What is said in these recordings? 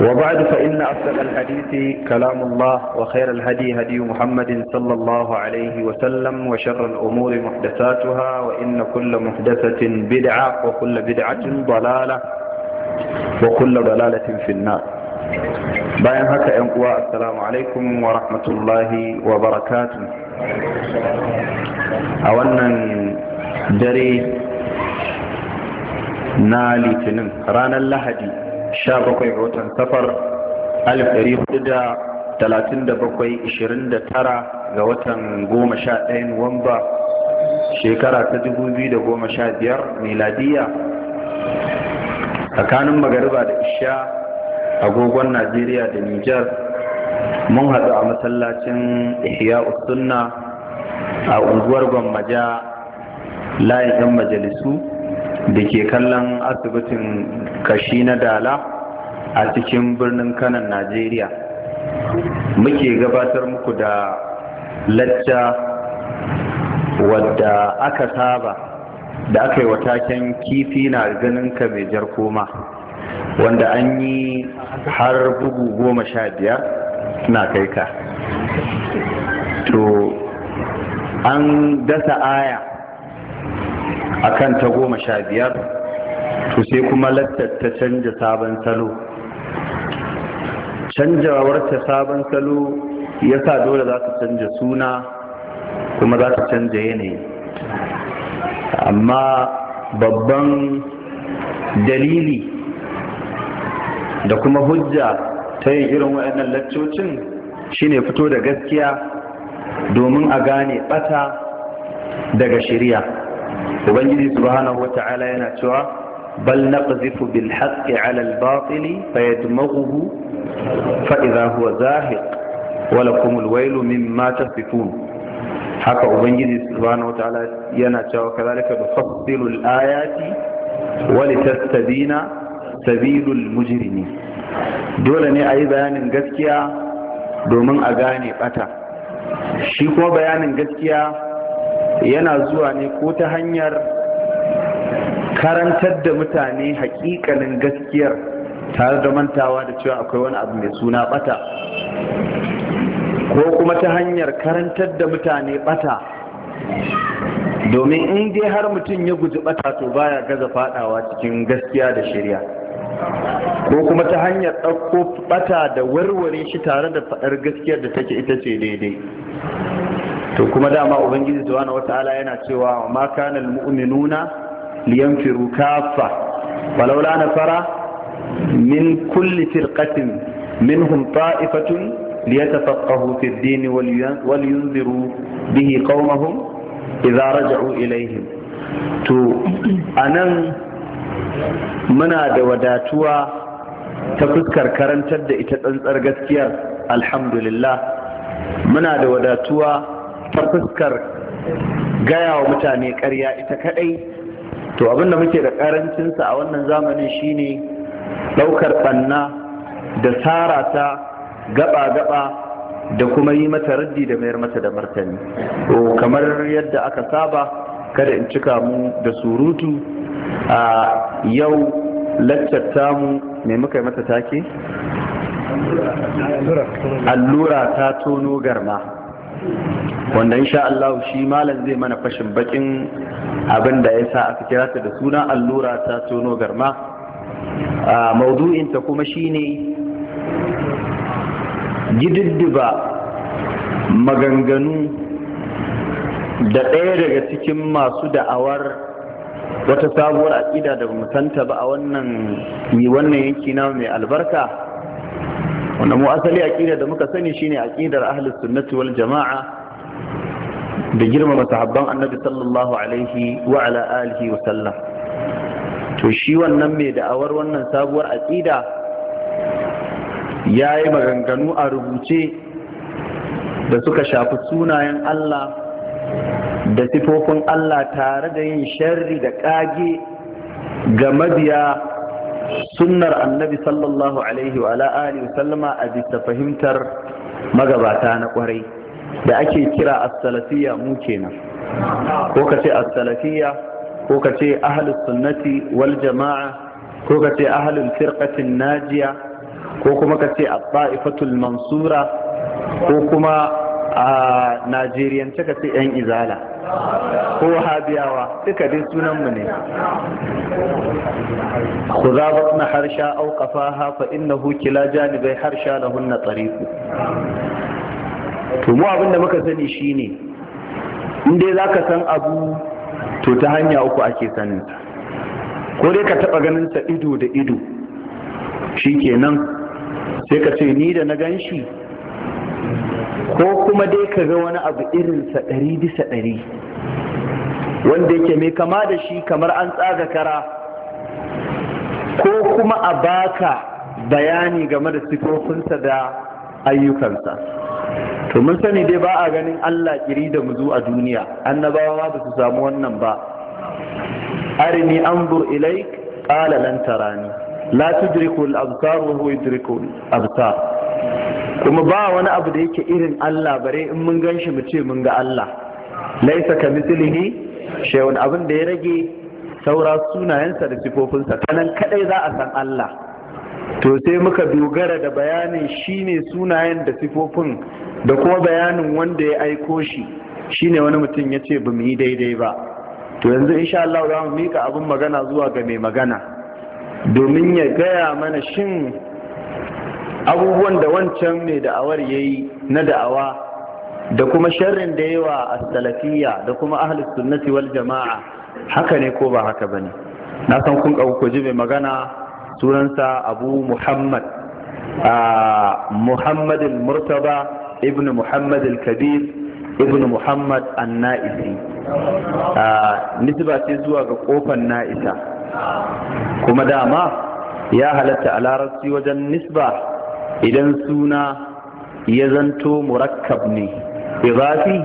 وبعد فإن أصدق الحديث كلام الله وخير الهدي هدي محمد صلى الله عليه وسلم وشر الأمور محدثاتها وإن كل محدثة بدعة وكل بدعة ضلالة وكل ضلالة في النار bayan هكا ‘yan السلام عليكم ورحمة الله وبركاته أولا جري نالي تنم رانا na 17 ga watan safar 1437-29 ga watan 11 nuwamba shekara ta 2015 miladiya tsakanin magariba da isha agogon najeriya da nijar mun haɗu a masallacin ihya sunna a unguwar gwammaja layin 'yan majalisu da ke kallon asibitin kashi na dala a cikin birnin kanan najeriya muke gabatar muku da lacca wadda aka saba da aka yi wataken kifi na ka mai jar koma wanda an yi har bugu goma sha biyar na kai ka to an dasa aya akan ta goma sha biyar to sai kuma lattata ta canja sabon salo canjawar ta sabon salo ya sa dole za ta canja suna kuma za ta canja yanayi amma babban dalili da kuma hujja ta yin irin waɗannan laccocin shine fito da gaskiya domin a gane ɓata daga shirya ubangiji subhanahu wata'ala yana cewa bal naqzifu bil haqqi 'ala al batil fayadmaghuhu fa idha huwa zahiq wa lakum al waylu mimma tasifun haka ubangiji subhanahu wata'ala yana cewa kadhalika nufassilu al ayati wa litastabina sabilul mujrimin dole ne a yi bayanin gaskiya domin a gane bata shi kuma bayanin gaskiya yana zuwa ne ko ta hanyar karantar da mutane hakikalin gaskiyar tare da mantawa da cewa akwai wani abu mai suna bata ko kuma ta hanyar karantar da mutane bata domin in dai har mutum ya guji bata to baya gaza fadawa cikin gaskiya da shirya ko kuma ta hanyar ɗauko bata da warware shi tare da faɗar gaskiyar da take ita ce daidai to kuma dama ubangiji subhanahu wataala yana cewa ma kana almu'minuna liyanfiru kaffa walaula nafara min kulli firqatin minhum ta'ifatun liyatafaqahu fi din wal yunziru bihi qaumahum idza raja'u ilayhim to anan muna da wadatuwa ta fuskar karantar da ita tsantsar gaskiyar alhamdulillah muna da wadatuwa ta fuskar gaya wa mutane karya ita kadai to abinda muke da ƙarancinsa a wannan zamanin shine ɗaukar ɓanna da tsara ta gaba-gaba da kuma yi mata raddi da mayar mata da martani to kamar yadda aka saba kada in cika mu da surutu a yau laccar mu mai muka yi mata take allura ta tono garma wanda insha Allah shi malam zai mana fashin bakin abin da ya sa aka kira ta da suna allura ta tono garma a maudu'inta kuma shine gididdiba maganganu da ɗaya daga cikin masu da'awar wata sabuwar aƙida da santa ba a wannan yi wannan yanki na mai albarka wanda mu asali aqida da muka sani shine aqidar ahlus sunnati wal jama'a da girmama sahabban annabi sallallahu alaihi wa ala alihi wa sallam to shi wannan mai da'awar wannan sabuwar aqida yayi maganganu a rubuce da suka shafi sunayen Allah da sifofin Allah tare da yin sharri da kage ga mabiya sunnar annabi sallallahu alaihi wa alihi sallama a bisa fahimtar magabata na kwarai da ake kira asalafiya mu kenan ko kace as-salafiyya ko kace ahlus sunnati wal jama'a ko kace ahlul firqatin najiya ko kuma kace at-ta'ifatul mansura ko kuma a najeriya cika ce yan izala ko habiyawa duka dai sunanmu ne khuzabat na harsha au qafaha fa innahu kila janibai harsha hunna tariqu to mu abinda muka sani shine in dai zaka san abu to ta hanya uku ake sanin ko dai ka taba ganin sa ido da ido shi shikenan sai ka ce ni da na ganshi ko kuma dai ka ga wani abu irinsa ɗari bisa ɗari wanda yake mai kama da shi kamar an tsaga kara ko kuma a baka bayani game da sifofinsa da ayyukansa to mun sani dai ba a ganin Allah kiri da muzu a duniya annabawa ba su samu wannan ba arini anzur ilaik qala lan tarani la tudriku al wa huwa yudriku al kuma ba wani abu da yake irin Allah bare in mun gan shi mu ce mun ga Allah laisa ka mislihi shay'un abin da ya rage saura sunayensa da sifofinsa ta nan kadai za a san Allah to sai muka dogara da bayanin shine sunayen da sifofin da kuma bayanin wanda ya aiko shi shine wani mutum ya ce ba mu yi daidai ba to yanzu insha Allah za mu mika abin magana zuwa ga mai magana domin ya gaya mana shin abubuwan da wancan mai da'awar ya yi na da'awa da kuma sharrin da yi wa asalafiya da kuma ahlus sunnati wal jama'a haka ne ko ba haka ba ne na san kun ɗauko ko mai magana sunansa abu muhammad a muhammad murtaba ibn muhammad kabir ibn muhammad an-na'isi nisba ce zuwa ga kofan na'isa kuma dama ya halatta a larabci wajen nisba idan suna ya zanto murakkab ne izafi,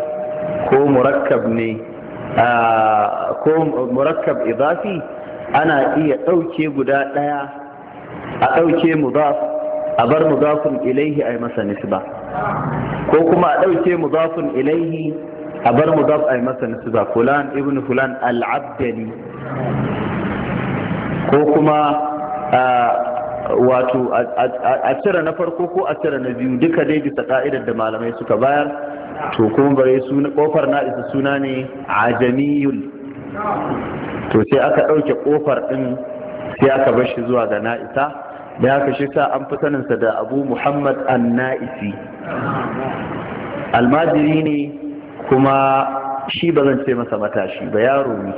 ko murakkab ne ko murakkab izafi, ana iya ɗauke guda ɗaya a ɗauke mudaf a bar mudafin ilaihi a yi masa nisba ko kuma a ɗauke mudafin ilaihi a bar mudaf a yi masa nisba fulan ibn fulan al'abdali ko kuma wato a cire na farko ko a cire na biyu duka dai bisa ka'idar da malamai suka bayar to kuma bare su kofar na isa suna ne ajamiyul to sai aka ɗauke kofar ɗin sai aka bar shi zuwa ga na'isa da aka shi sa an fi saninsa da abu muhammad an na'isi almajiri ne kuma shi ba zan ce masa matashi ba yaro ne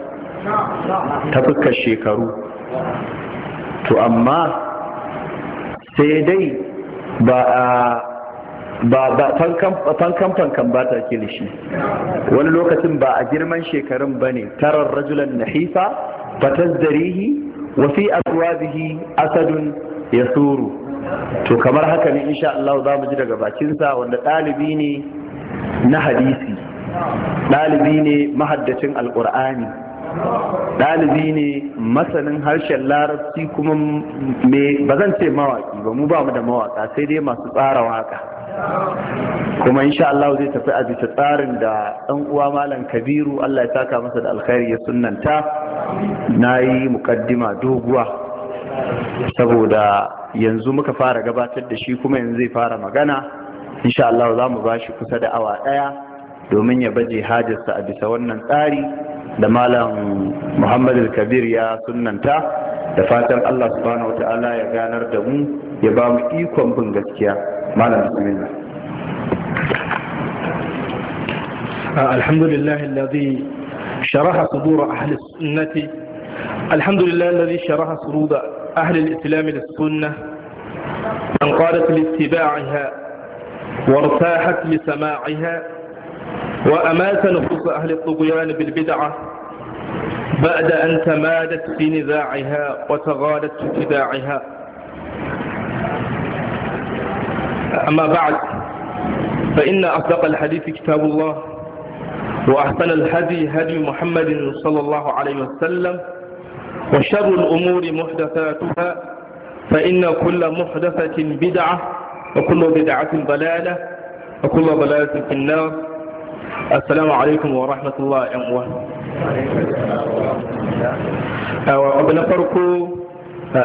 ta fuskar shekaru to amma sai dai ba a ba ba kan ba ta ke shi wani lokacin ba a girman shekarun bane ne tarar rajulan nahisa zarihi, wa fi aswabihi asadun yasuru to kamar haka ne insha Allah za mu ji daga bakinsa wanda ɗalibi ne na hadisi ɗalibi ne mahaddacin alƙur'ani ɗalibi ne masanin harshen larabci kuma me ba zan ce mawaki ba mu ba mu da mawaka sai dai masu tsara waka kuma insha Allah zai tafi a bisa tsarin da ɗan uwa malam kabiru Allah ya saka masa da alkhairi ya sunanta na yi mukaddima doguwa saboda yanzu muka fara gabatar da shi kuma yanzu zai fara magana insha Allah za mu ba shi kusa da awa ɗaya domin ya baje hajarsa a bisa wannan tsari da malam muhammad kabir ya sunanta da fatan allah subhanahu wa ta'ala ya ganar da mu ya ba mu ikon bin gaskiya malam bismillah الحمد لله الذي شرح صدور أهل السنة الحمد لله الذي شرح صدور أهل الإسلام للسنة انقادت لاتباعها وارتاحت لسماعها وأمات نفوس أهل الطغيان بالبدعة بعد أن تمادت في نزاعها وتغالت في اتباعها أما بعد فإن أصدق الحديث كتاب الله وأحسن الهدي هدي محمد صلى الله عليه وسلم وشر الأمور محدثاتها فإن كل محدثة بدعة وكل بدعة ضلالة وكل ضلالة في النار assalamu alaikum wa rahmatullah yan uwa abu na farko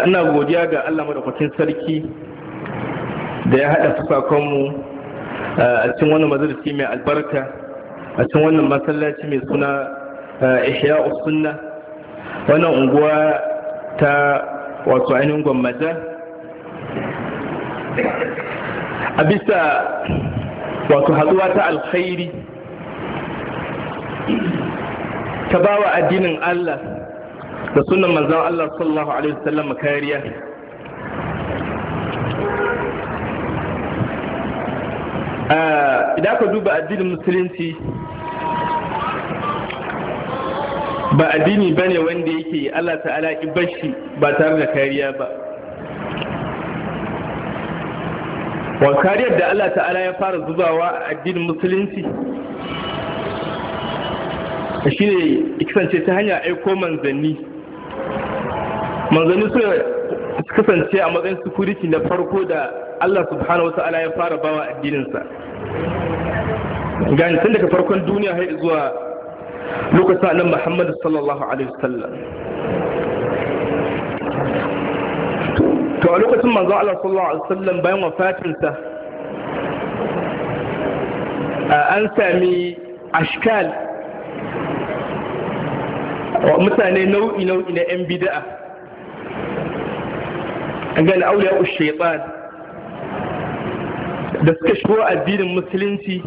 ina godiya ga allah madaukakin sarki da ya haɗa fukakonmu a cikin wannan majalisi mai albarka a cikin wannan masallaci mai suna ihya sunna wannan unguwa ta wato ainihin gwammaja a bisa wato ta alkhairi ta bawa addinin Allah da sunan manzan Allah sallallahu alaihi wasallam kariya ah, idan ka duba addinin musulunci ba addini ba ne wanda yake Allah ta'ala bashi ba tare da kariya ba wa kariyar da Allah ta'ala ya fara zubawa a addinin musulunci shi ne kasance ta hanyar aiko manzanni manzanni su kasance a matsayin sukuriti na farko da Allah subhanahu ta'ala ya fara bawa addininsa gani tun daga farkon duniya har zuwa lokacin annabi Muhammad sallallahu alaihi wasallam to a lokacin manzo Allah sallallahu alaihi wasallam bayan wafatinsa an sami ashkal mutane nau'i nau'i na 'yan bida'a an aure auliya ushaitan da suka shigo addinin musulunci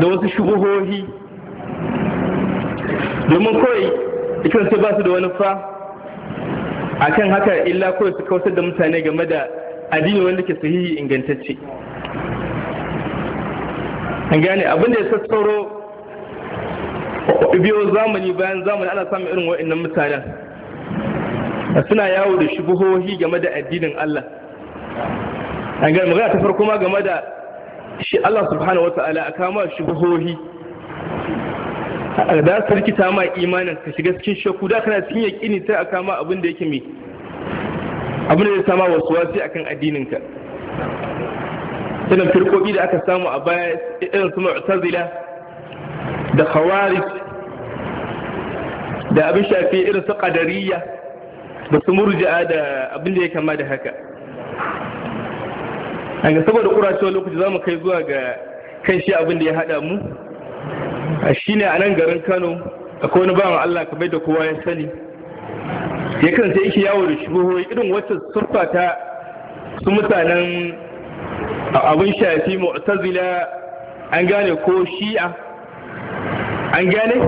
da wasu shubuhohi domin kawai ikon su ba su da wani fa a kan haka illa kawai su kawasar da mutane game da addini wanda ke sahihi ingantacce an gane abinda ya sassauro biyo zamani bayan zamani ana samun irin wa'annan mutanen suna yawo da shubuhohi game da addinin Allah an gani magana ta farko ma game da shi Allah subhanahu wata'ala a kama shubuhohi a da sarki ta ma imanin ka shiga cikin shakku da kana cikin yaƙini sai a kama abin da yake mai abin da ya sama wasu wasi akan addinin ka irin firkoki da aka samu a baya irin su mu'tazila da khawarij da abin shafi irin su qadariyya da su murji'a da abin da ya kama da haka an ga saboda kuracewa lokaci za mu kai zuwa ga kan shi abin da ya haɗa mu a shi ne a nan garin kano akwai wani bawan allah kamar da kowa ya sani ya kasance yake yawo da shugo irin wata surfa ta su mutanen abin shafi mu'tazila an gane ko shi'a an gane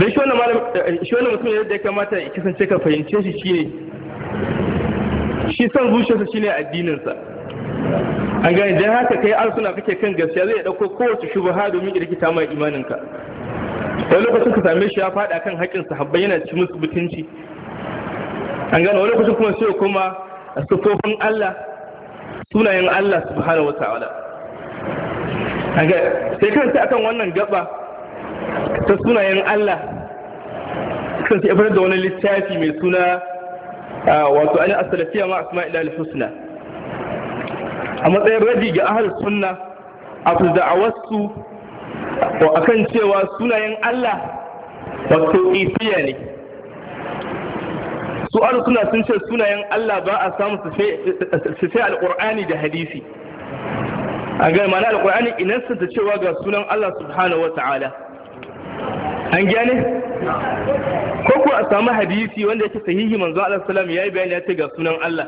don shi wannan malam eh, shi wannan mutum yadda ya kamata ya kasance ka fahimce shi shine shi san zuciyarsa shine addinin sa an gane dan haka kai suna kake kan gaskiya zai dauko kowace shubha domin ya rikita ma imanin ka wani lokacin ka same shi ya fada kan haƙƙin sahabbai yana ci musu butunci an gane wani lokacin kuma sai kuma sufofin Allah sunayen Allah subhanahu Ta'ala? an gane sai kan sai akan wannan gaba ta sunayen Allah sun ce da wani littafi mai suna wato ainihin asalafiya ma asma ila husna a matsayin raji ga ahal sunna a su da'awarsu a kan cewa sunayen Allah wato ifiya ne su ahal suna sun ce sunayen Allah ba a samu su sai alƙur'ani da hadisi a gani na alƙur'ani inansa ta cewa ga sunan Allah subhanahu wa ta'ala an gane ko ko a samu hadisi wanda yake sahihi manzo Allah sallam yayi bayani ya ce ga sunan Allah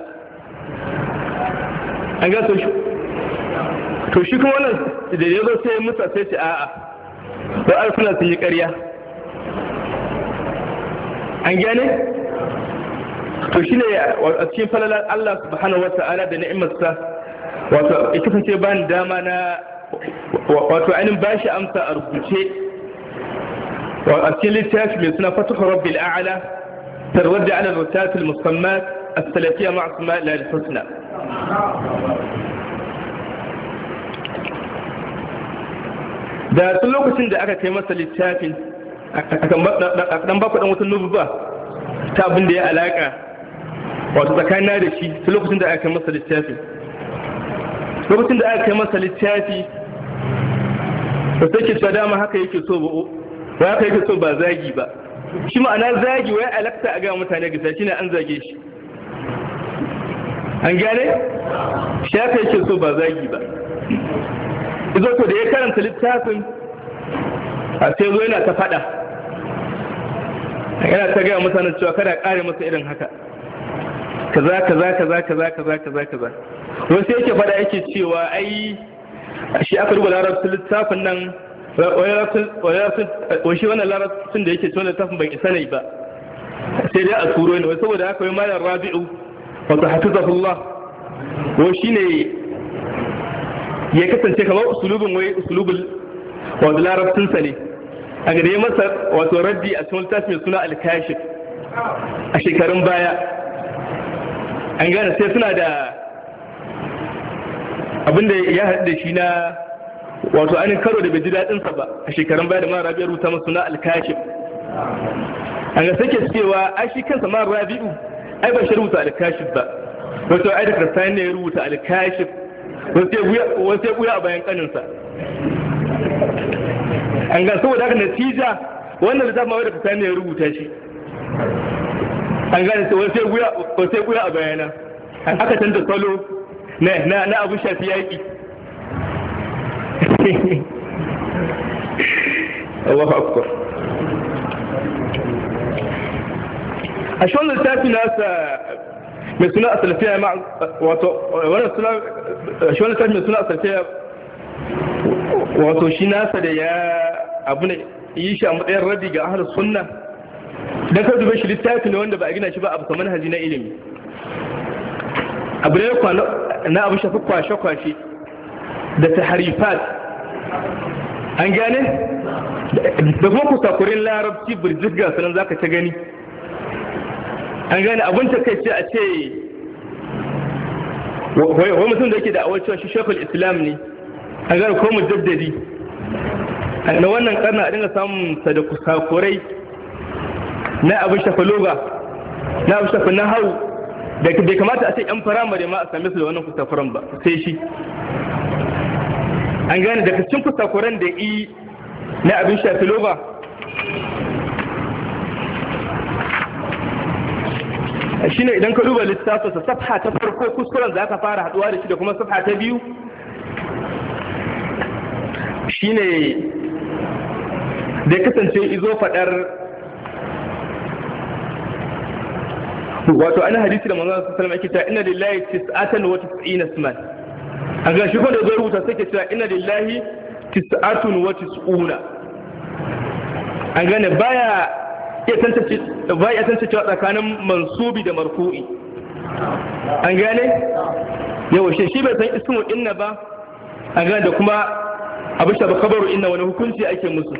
an ga shi to shi kuma wannan da yazo sai musa sai ce a'a to suna sun yi ƙarya an gane to ne a cikin falalar Allah subhanahu ta'ala da ni'imarsa wato ita ce ni dama na wato ainihin bashi amsa a rubuce وأكل للتاج من سنة فتح ربي الأعلى ترد على الرسالة المسمات السلفية مع اسماء الله الحسنى da tun lokacin da aka kai masa littafin a kan baku dan wata nubu ba ta abin da ya alaka wato tsakanin da shi tun lokacin da aka kai masa littafin lokacin da aka kai masa littafi da sai ke cewa dama haka yake so ba'o ba ka yake so ba zagi ba shi ma'ana zagi wai alakta a gama mutane gasa shi ne an zage shi an gane shi ya yake so ba zagi ba izo ko da ya karanta littafin a sai zo yana ta fada yana ta gaya mutane cewa kada kare masa irin haka kaza kaza kaza kaza kaza kaza kaza wasu yake fada yake cewa ai shi aka duba larabta littafin nan wasu wannan larabcin da yake tona tafin bai isa ne ba sai dai a turo ne saboda aka yi malar rabi'u wata hafizahullah wa shi ne ya kasance kamar usulubin wai usulubin wanda larabcinsa ne a gare masa wato raddi a cikin littafi mai suna alkashif a shekarun baya an gane sai suna da abinda ya haɗu da shi na wato ainihin karo da bai ji daɗinsa ba a shekarun baya da mara rabi'u rubuta masu na alkashif an ga sake cewa ai shi kansa mara rabi'u ai ba shi rubuta alkashif ba wato ai da kristani ne ya rubuta alkashif wasu ya buya a bayan kaninsa an ga saboda haka natija wannan littafin ma da kristani ne ya rubuta shi an gane wasu ya buya a bayana aka canza salo na abu shafi yaƙi Allahu akbar a shi wannan littafi nasa mai suna a salafiya ma wato wannan suna shi wannan littafi mai suna a salafiya wato shi nasa da ya abu ne yi shi a matsayin rabi ga ahar sunna don ka dube shi littafi ne wanda ba a gina shi ba abu kamar hazi na ilimi abu ne na abu shafi kwashe-kwashe da ta harifat an gane da kuma kusakurin larabci birjit ga sanan za ka ta gani an gane abin ta kai ce a ce wai mutum da yake da awar cewa shi shekul islam ne an gane ko jaddadi na wannan karna a dinga samun sa da kusakurai na abin shafa loga na abin shafa na hau da bai kamata a ce yan firamare ma a same su da wannan kusakuran ba sai shi an gane daga cikin kusakuran da i na abin shafi loba ne idan ka duba littafin sa safha ta farko kuskuren za ka fara haduwa da shi da kuma safha ta biyu Shi ne da kasance izo fadar wato ana hadisi da manzon sallallahu alaihi wasallam yake ta inna lillahi tis'atan wa tis'ina isman a ga shi da zai rubuta sake cewa ina lahi tis'atun wa tis'una a gane ba ya tantance baya tsakanin mansubi da marfu'i an gane yawon shi shi bai san ismu inna ba a gane da kuma abin shafa kabaru inna wani hukunci ake musu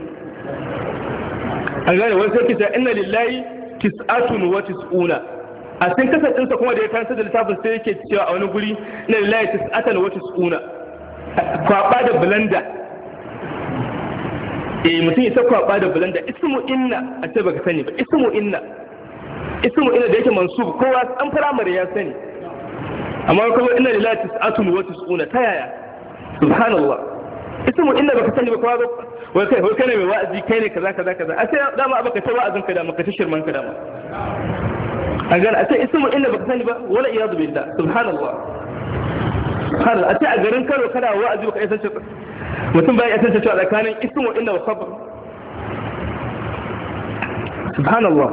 an gane wani sai kisa inna lillahi tis'atun wa tis'una a cikin kasancinsa kuma da ya karanta da littafin sai yake cewa a wani guri na lillahi tis'atan wata tsuna kwaba da blanda. eh mutum ya kwaba da blanda. ismu inna a ce baka sani ba ismu inna ismu inna da yake mansub kowa an firamare ya sani amma kuma inna lillahi tis'atun wata tsuna ta yaya subhanallah ismu inna baka sani ba kowa wai kai wai kai ne mai wa'azi kai ne kaza kaza kaza a sai dama abaka ta wa'azin ka da maka ta shirman ka dama a gana a ce ismul illa ba sani ba wani iya iyadu billah subhanallah har a ce a garin Kano kada wa'azi baka isance mutum bai isance cewa tsakanin ismul illa wa sabr subhanallah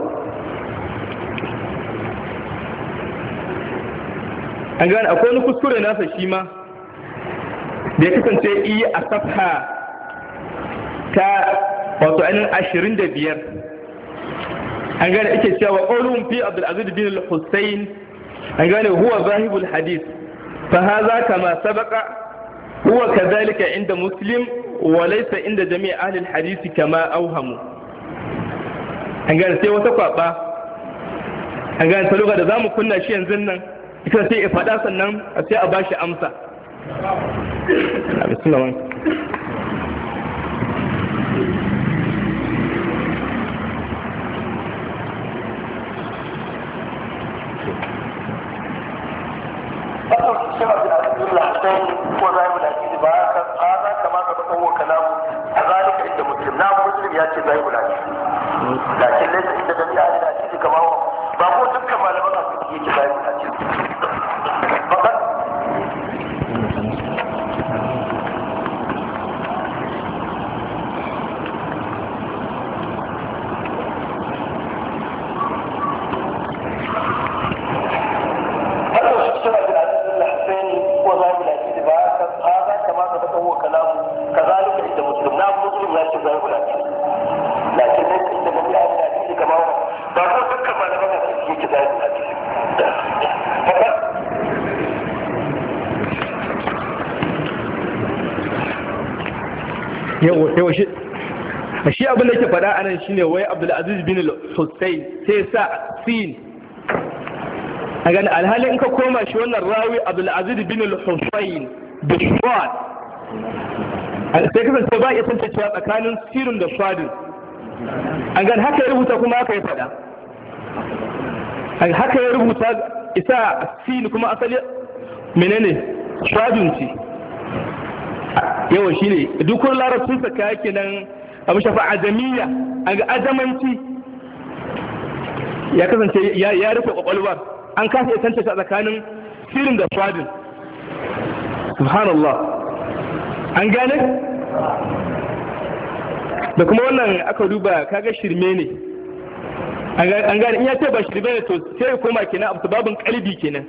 a gane akwai wani kuskure nasa shi ma da ya kasance iya a safha ta wato ainihin ashirin da biyar an gane ake cewa qaulun fi abdul aziz bin al husayn an gane huwa zahibul hadith fa hadha kama sabaka huwa kadhalika inda muslim wa laysa inda jami' ahli al hadith kama awhamu an gane sai wata kwaba an gane ta lokacin da zamu kunna shi yanzu nan ita sai ya faɗa sannan sai a bashi amsa bismillah abin da ke faɗa a nan shine wai abdulaziz bin hussein sai sa sin a gani alhali in ka koma shi wannan rawi abdulaziz bin hussein da shuwad sai kasance ba iya cewa tsakanin sirrin da shuwadin a gani haka ya rubuta kuma haka ya faɗa haka ya rubuta isa sin kuma asali menene shuwadin ce yawa shine dukkan larabcinsa yake nan. abu shafa azamiya a ga azamanci ya kasance ya rufe kwakwalwa, an kasa ya tantance tsakanin sirin da fadin subhanallah an gane da kuma wannan aka duba kaga shirme ne an gane in ya ce ba shirme ne to sai ya koma kenan abu babin kalbi kenan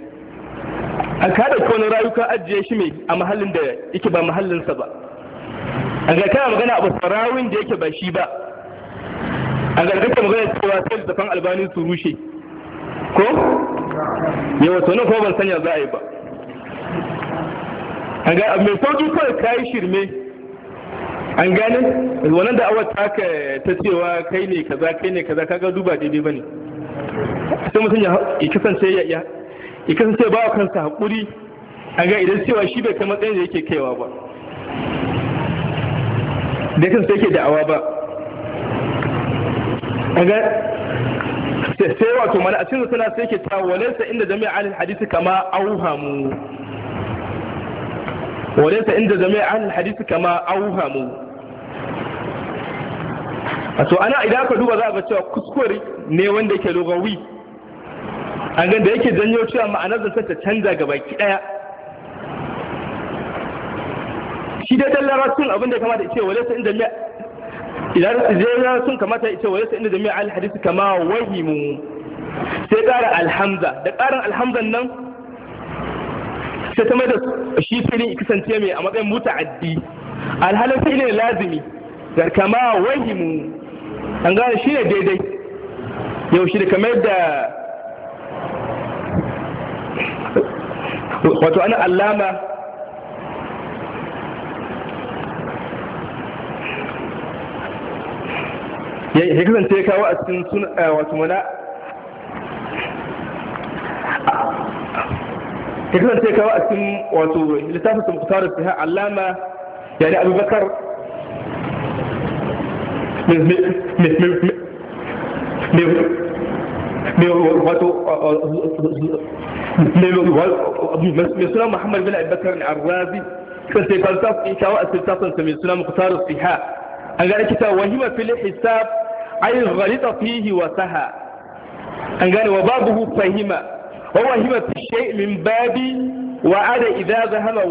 a kada kone rayuka ajiye shi mai a mahallin da yake ba mahallinsa ba a ga kana magana abu sarawin da yake ba shi ba a ga kake magana cewa sai da fan albani su rushe ko yawa wato nan ko ban sanya za a yi ba a ga mai sauki kawai kayi shirme an gane wannan da awar ka ta cewa kai ne kaza kai ne kaza kaga duba daidai bane sai mutum ya kasance ya ya kasance ba kansa hakuri a ga idan cewa shi bai kai matsayin da yake kaiwa ba da sai ke da'awa ba sai wato mana a cikin sana sai ke ta walaysa inda jami'a al hadisi kama auhamu walaysa inda jami'a al hadisi kama auhamu to ana idan aka duba za a ga cewa kuskure ne wanda yake lugawi an ga da yake janyo cewa ma'anar zan ta canza gaba ki daya shi dai dalla rasul abin da kamata ce wale sai inda mai idan je larabcin kamata ce wale sai inda mai alhadisi kama wahimu sai kara alhamza da ƙarin alhamzan nan sai ta mai da shi filin kasance mai a matsayin muta'addi alhalin filin lazimi da kama wahimu an gane shi ne daidai yau shi da kamar da wato ana alama ya kasance ya kawo a cikin suna wato mana ya kasance ya kawo a cikin wato littafin sun fitar da siha allama ya ne abubakar mai suna muhammad bin abubakar ne arwazi kasance ya kawo a cikin littafin mai suna mukhtar siha an gane kita wahima fil hisab ay ghalita fihi wa saha an gane wa babuhu fahima wa wahima fi shay min babi wa ada idza zahama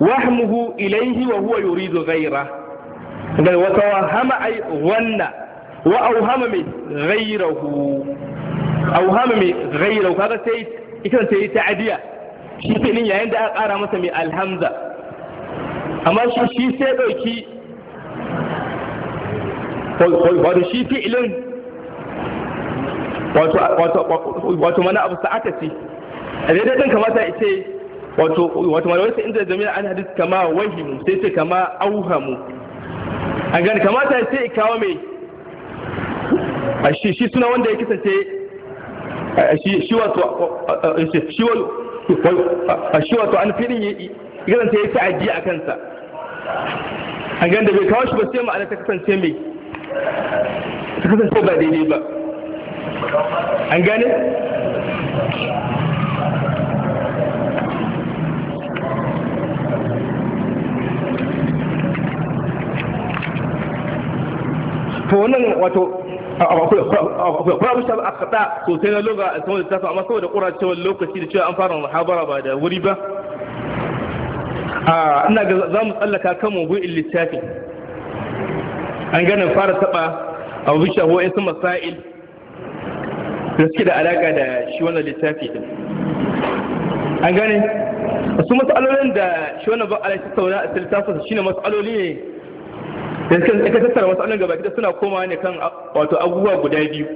wahmuhu ilayhi wa huwa yuridu ghayra an gane wa tawahama ay wanna wa awhama min ghayrahu awhama min ghayrahu kaga sai ikan sai ta'diya shi ne yayin da aka kara masa mai alhamza amma shi sai dauki wato shi fi'ilin wato mana abu sa'ata ce a daidai ɗin kamata ya ce wato mana wasu inda jami'a an hadis kama wahimu sai ce kama auhamu a gani kamata ya ce kawo mai a shi suna wanda ya kisance shi wato an filin ya sai ya ajiye a kansa a gani da bai kawo shi ba sai ma'ana ta kasance mai su kasance ba daidai ba an gane to wannan wato akwai abu shafi a kaɗa sosai na loga a saman littafin amma saboda ƙuracewar lokaci da cewa an fara muhabara ba da wuri ba ina ga za mu tsallaka kan mabu'in littafin an gane fara taba a wuce wa isu masail da suke da alaka da shi wannan littafi din an gane su matsalolin da shi wannan ba alaka saura a littafin shi ne matsaloli ne da suke aka tattara matsalolin gaba gida suna koma ne kan wato abubuwa guda biyu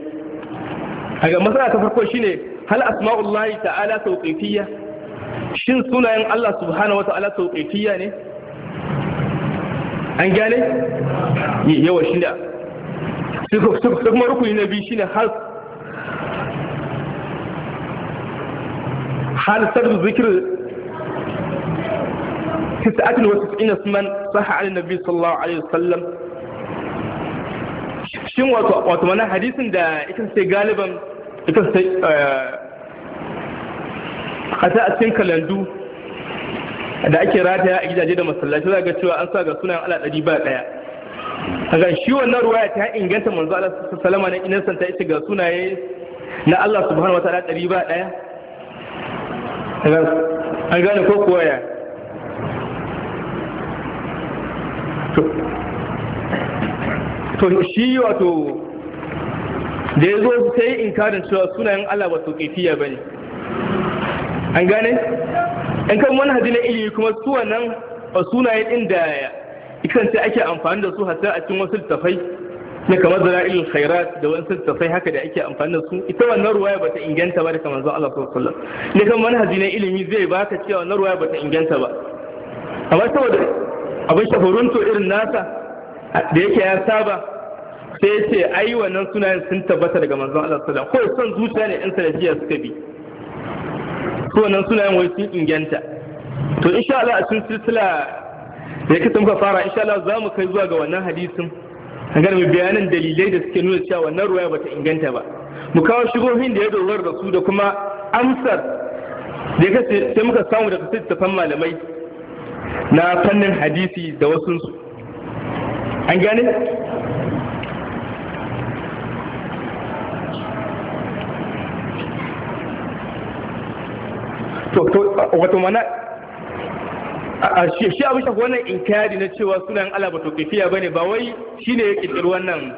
a ga matsala ta farko shine hal asma'ullahi ta'ala tawqifiyya shin sunayen Allah subhanahu wa ta'ala tawqifiyya ne an gyale yawa shida su kuma rukuni na biyu shine har har sardu zikir tisa'atin wasu ina suman saha ala nabi sallallahu alaihi wasallam shi wato mana hadisun da ita sai galiban ita sai a ta a cikin kalandu da ake rataya a gidaje da masallaci za ga cewa an sa ga sunan Allah dari ba ɗaya kaga shi wannan ruwaya ta inganta manzo Allah sallama na san ta ita ga sunaye na Allah subhanahu wataala dari ba ɗaya an gane ko kuwa ya to shi wato da ya zo sai inkarin cewa sunayen Allah ba su kaifiya ba ne an gane in kan manhaji na ilimi kuma su wannan a sunaye din da sai ake amfani da su hatta a cikin wasu tafai na kamar ilin khairat da wasu tafai haka da ake amfani da su ita wannan ruwaya bata inganta ba da kamar zan Allah sallallahu alaihi wasallam ne kan manhaji na ilimi zai baka cewa wannan ruwaya bata inganta ba amma saboda abin shafarunto irin nasa da yake ya saba sai ce ai wannan sunayen sun tabbata daga manzon Allah sallallahu alaihi wasallam ko son zuciya ne in salafiya suka bi to wannan sunayen wai sun inganta to insha Allah a cikin silsila da kasa muka fara insha Allah za mu kai zuwa ga wannan hadisin a mai bayanan dalilai da suke nuna cewa wannan ruwaya bata inganta ba mu kawo shigohin da ya dogara da su da kuma amsar da kace sai muka samu daga littattafan malamai na fannin hadisi da wasu an gane to to wato mana a shi abin shafi wannan inkari na cewa sunan Allah ba to kifiya bane ba wai shine ya kirkiri wannan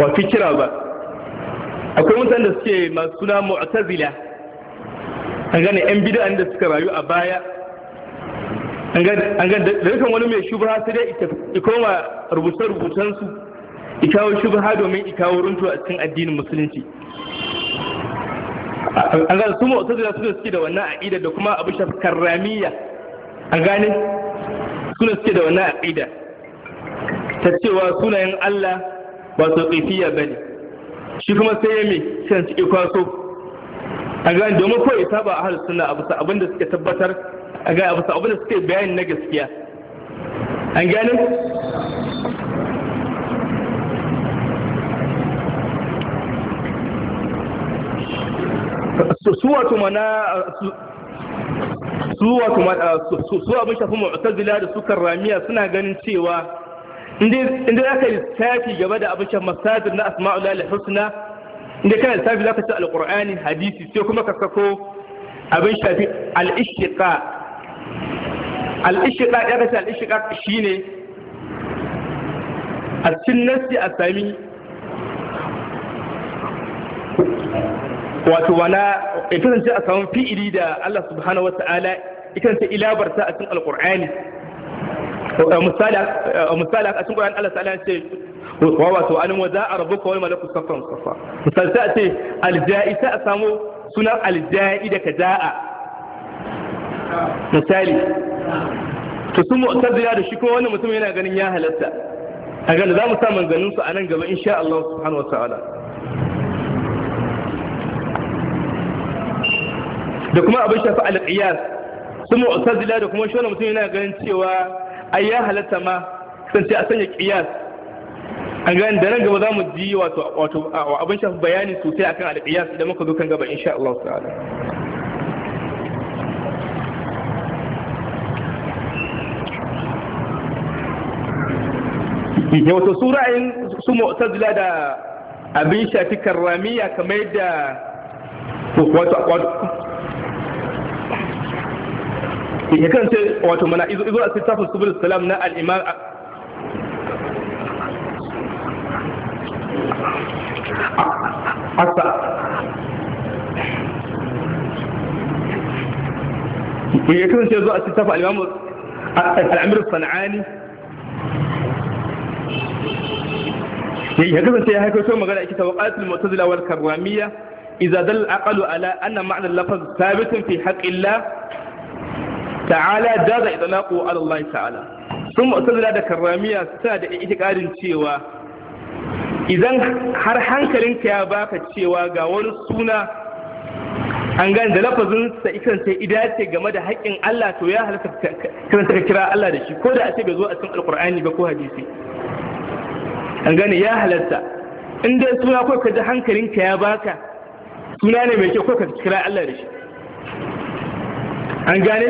wa fikira ba akwai mutanen da suke masu suna mu'tazila an gane yan bid'an da suka rayu a baya an gane da dukkan wani mai shubha sai dai ita koma rubuce-rubucen su ikawo shubha domin ikawo runtu a cikin addinin musulunci an gane su mu'tazila suna suke da wannan aqida da kuma abu shaf karramiya an gane suna suke da wannan aqida ta cewa sunayen Allah ba su ba bane shi kuma sai ya me sai cikin kwaso a gane domin ko ita ba ahlus suna abu sa abinda suke tabbatar a gane abu sa abinda suke bayani na gaskiya an gane su abin shafi mu'tazila da sukar ramiya suna ganin cewa inda aka lissafi gaba da abin shafi masajid na asma'ul al husna inda kana lissafi ka ci Alƙur'ani hadisi sai kuma ka sako abin shafi al-ishtiqa al-ishtiqa ya kace al shi ne a cin nasi a sami wato mana ya kasance a samun fi'ili da Allah subhanahu wata'ala ikan ta ilabarta a cikin alqur'ani misali misali a cikin qur'ani Allah ta'ala ya ce wa wato alim wa a rabu wal malaku saffan saffa misali ta ce alja'i ta a samu sunan alja'i da kaza'a misali to sun mu'tazila da shi ko wani mutum yana ganin ya halatta a ga za mu sa manzannin su a nan gaba insha Allah subhanahu wata'ala da kuma abin shafi alƙiyas su mu'tazila da kuma shona mutum yana ganin cewa ai ya halatta ma sun ce a sanya ƙiyas an gani da nan gaba za mu ji wato wato abin shafi bayani sosai akan alƙiyas idan muka zo kan gaba insha Allah ta'ala ya wato su ra'ayin su mu'tazila da abin shafi karramiya kamar yadda wato ya kance wato mana izo izo a littafin subul salam na al-imam asa ya kasance zuwa littafin al'imamu al'amir sana'ani ya kasance ya haifar sun magana ikita waƙatul mutazila wal karwamiya idza dal aqalu ala anna ma'na al-lafz thabitun fi haqqillah ta'ala da za idlaqu ala Allah ta'ala sun mu'tazila da karramiya suna da itikadin cewa idan har hankalinka ya baka cewa ga wani suna an gane da lafazin sa ikan sai ce game da haƙƙin Allah to ya halaka ka kira Allah da shi ko da a ce bai zo a cikin alqur'ani ba ko hadisi an gane ya halatta in dai suna ko ka ji hankalinka ya baka suna ne mai kyau ko ka kira Allah da shi an gane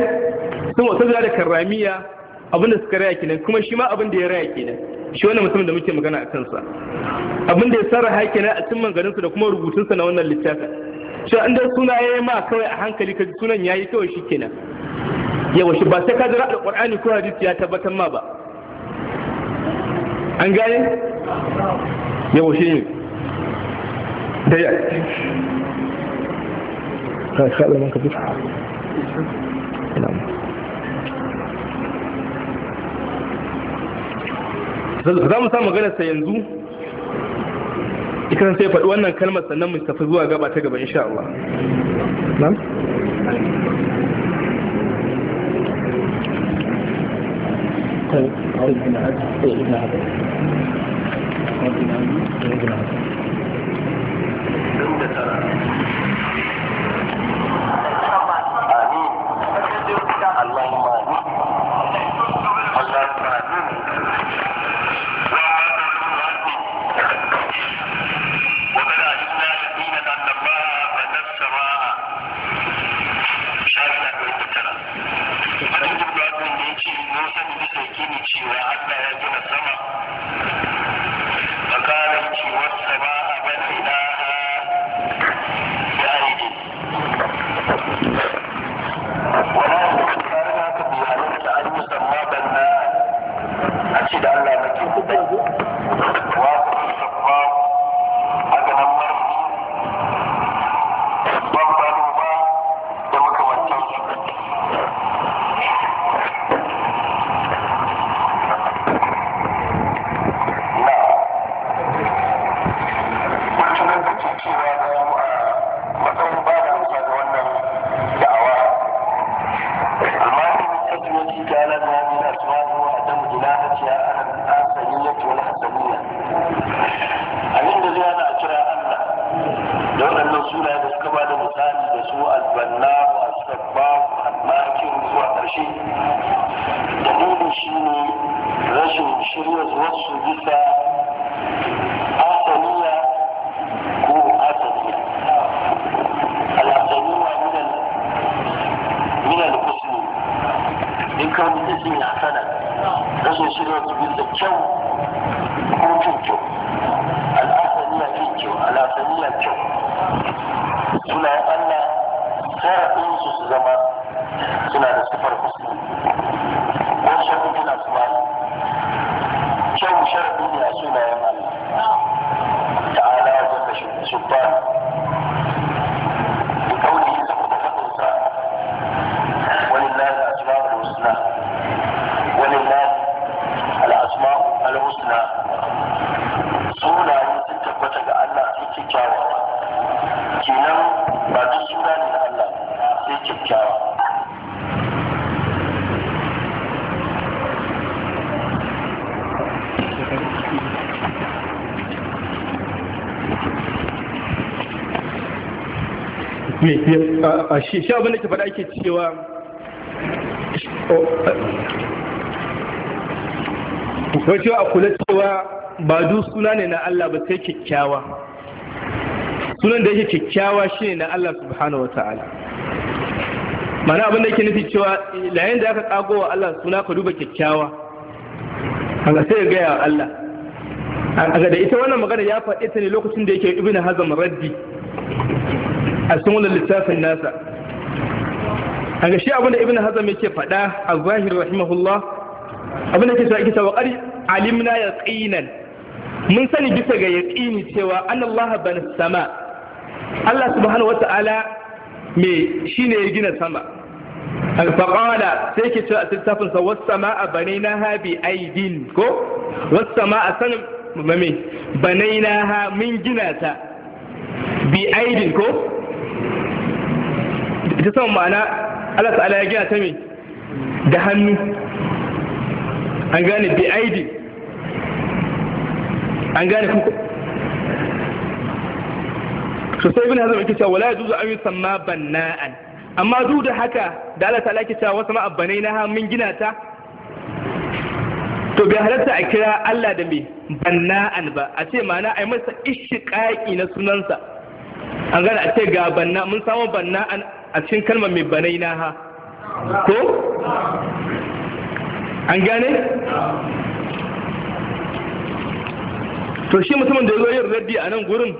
sun wasu da karramiya abin da suka raya kenan kuma shi ma abin da ya raya kenan shi wannan mutum da muke magana a kansa abin da ya sarraha na a cikin manganinsu da kuma rubutunsa na wannan littafin shi an dan suna yayi ma kawai a hankali ka sunan yayi kawai shi kenan yawa shi ba sai ka jira alqur'ani ko hadisi ya tabbatar ma ba an gane yawa shi ne da ya ka ka da za mu sa maganarsa yanzu ikan sai faɗi wannan kalmar sannan mu tafi zuwa gaba ta gaba insha Allah a shi shi abin da ke faɗa ke cewa ko oh, cewa a kula cewa ba du suna ne na Allah ba sai kyakkyawa sunan da yake kyakkyawa shine na Allah subhanahu ta'ala mana abin da yake nufi cewa layin da aka kago wa Allah suna ka duba kyakkyawa an sai ya gaya wa Allah a da ita wannan magana ya faɗi ta ne lokacin da yake ibn hazam raddi a cikin wani littafin nasa kaga shi abinda ibn hazam yake faɗa a zahir rahimahullah abinda yake cewa wa qad alimna yaqinan mun sani bisa ga yaqini cewa anallaha bana sama Allah subhanahu wata'ala me shine ya gina sama alfaqala sai yake cewa a littafin sa was sama'a ha bi aidin ko was sama'a sanin mame ha mun gina ta bi aidin ko ita sama ma'ana Allah ta'ala ya gina ta me da hannu an gane bi aidi an gane kuku so sai bin hazar yake cewa wala zuzu an yusamma banna'an amma duk da haka da Allah ta'ala ke cewa wasu banai na min gina ta to bai halatta a kira Allah da me banna'an ba a ce ma'ana yi masa ishtiqaqi na sunansa an gane a ce ga banna mun samu banna'an a cikin kalmar mai banai na ha ko an gane to shi mutumin da zo yin raddi a nan gurin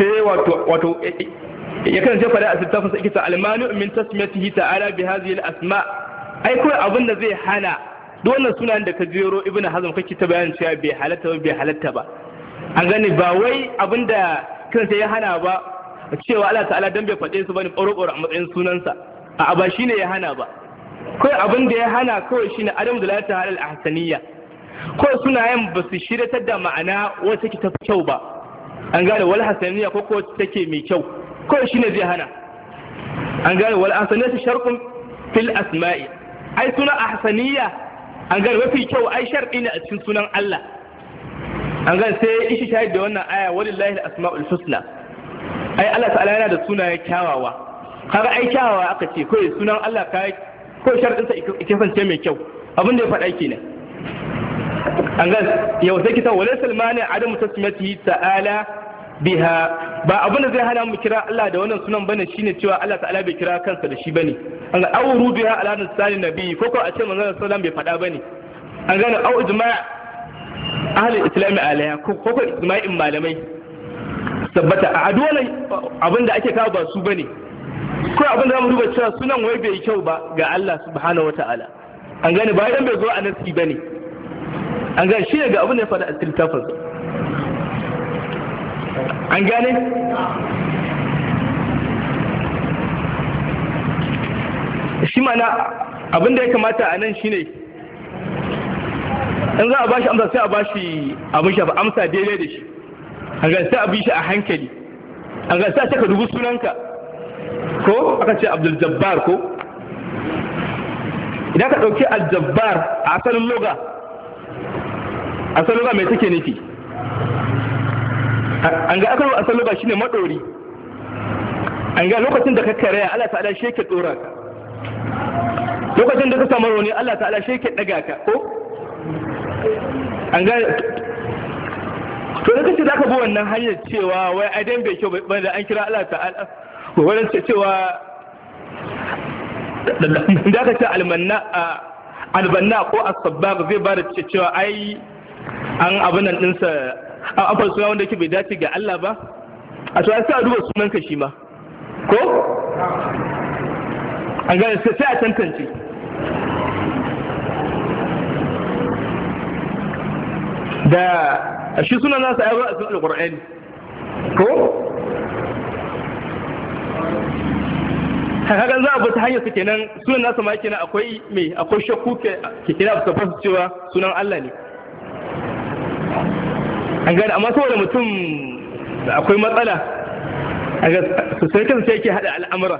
sai wato ya kan fara a asirtafin sa ikita almanu min hita ta'ala bi hadhihi al-asma ai kawai abin da zai hana duk wannan sunan da ka jero ibnu hazm kake ta bayan cewa bai halatta ba bai halatta ba an gane ba wai abin da kansa ya hana ba cewa Allah ta'ala dan bai faɗe su bane ɓoro a matsayin sunansa a ba shine ya hana ba kawai abin da ya hana kawai shine adam da lati halal ahsaniyya suna sunayen ba su shiryatar da ma'ana wata take tafi kyau ba an gane wal hasaniyya ko ko take mai kyau kawai shine zai hana an gane wal ahsaniyya sharqun fil asma'i ai suna ahsaniyya an gane mafi kyau ai sharqi ne a cikin sunan Allah an gane sai ishi shahid da wannan aya walillahi al asma'ul husna ai Allah ta'ala yana da sunaye kyawawa kaga ai kyawawa aka ce kai sunan Allah ka ko sharɗin sa yake ce mai kyau abin da ya faɗa kenan an ga yau sai kita wala salmani adamu tasmiyati ta'ala biha ba abin da zai hana mu kira Allah da wannan sunan bane shine cewa Allah ta'ala bai kira kansa da shi bane an ga awru rubiha ala nasali nabi ko ko a ce manzon sallallahu bai faɗa bane an ga au ijma' ahli islami alaiha ko ko ijma'in malamai tabbata a dole abin da ake kawo ba su bane ko abin da zamu duba cewa sunan wai bai kyau ba ga Allah subhanahu wataala an gane bayan bai zo a nasi bane an gane shi ga abin da ya faru a tiltafin an gane shi mana abin da ya kamata a nan shine in za a bashi amsa sai a bashi abin shafa amsa daidai da shi a gasa abin shi a hankali a gasa ta ka dubu sunanka ko aka ce abdul jabbar ko idan ka ɗauki aljabbar a asalin loga asalin loga mai take nufi an ga aka asalin loga shine maɗori an ga lokacin da ka karaya Allah ta'ala shi ke ka lokacin da ka samu rauni Allah ta'ala shi ke ɗaga ka ko an ga to da kace zaka bi wannan hanyar cewa wai adan bai kyau ba, da an kira Allah ta'ala wannan ce cewa da ka ce almanna albanna ko as-sabbab zai ba da cewa ai an abin nan dinsa A afar suna wanda yake bai dace ga Allah ba a to sai a duba sunan ka shi ma ko an ga sai a tantance da a shi suna nasa ayyar a cikin alkur'ani ko hakan za a bata hanyar su kenan suna nasa ma kenan akwai mai akwai shakku ke kira su fasa cewa sunan Allah ne an gane amma saboda mutum akwai matsala su sai kan sai yake haɗa al'amura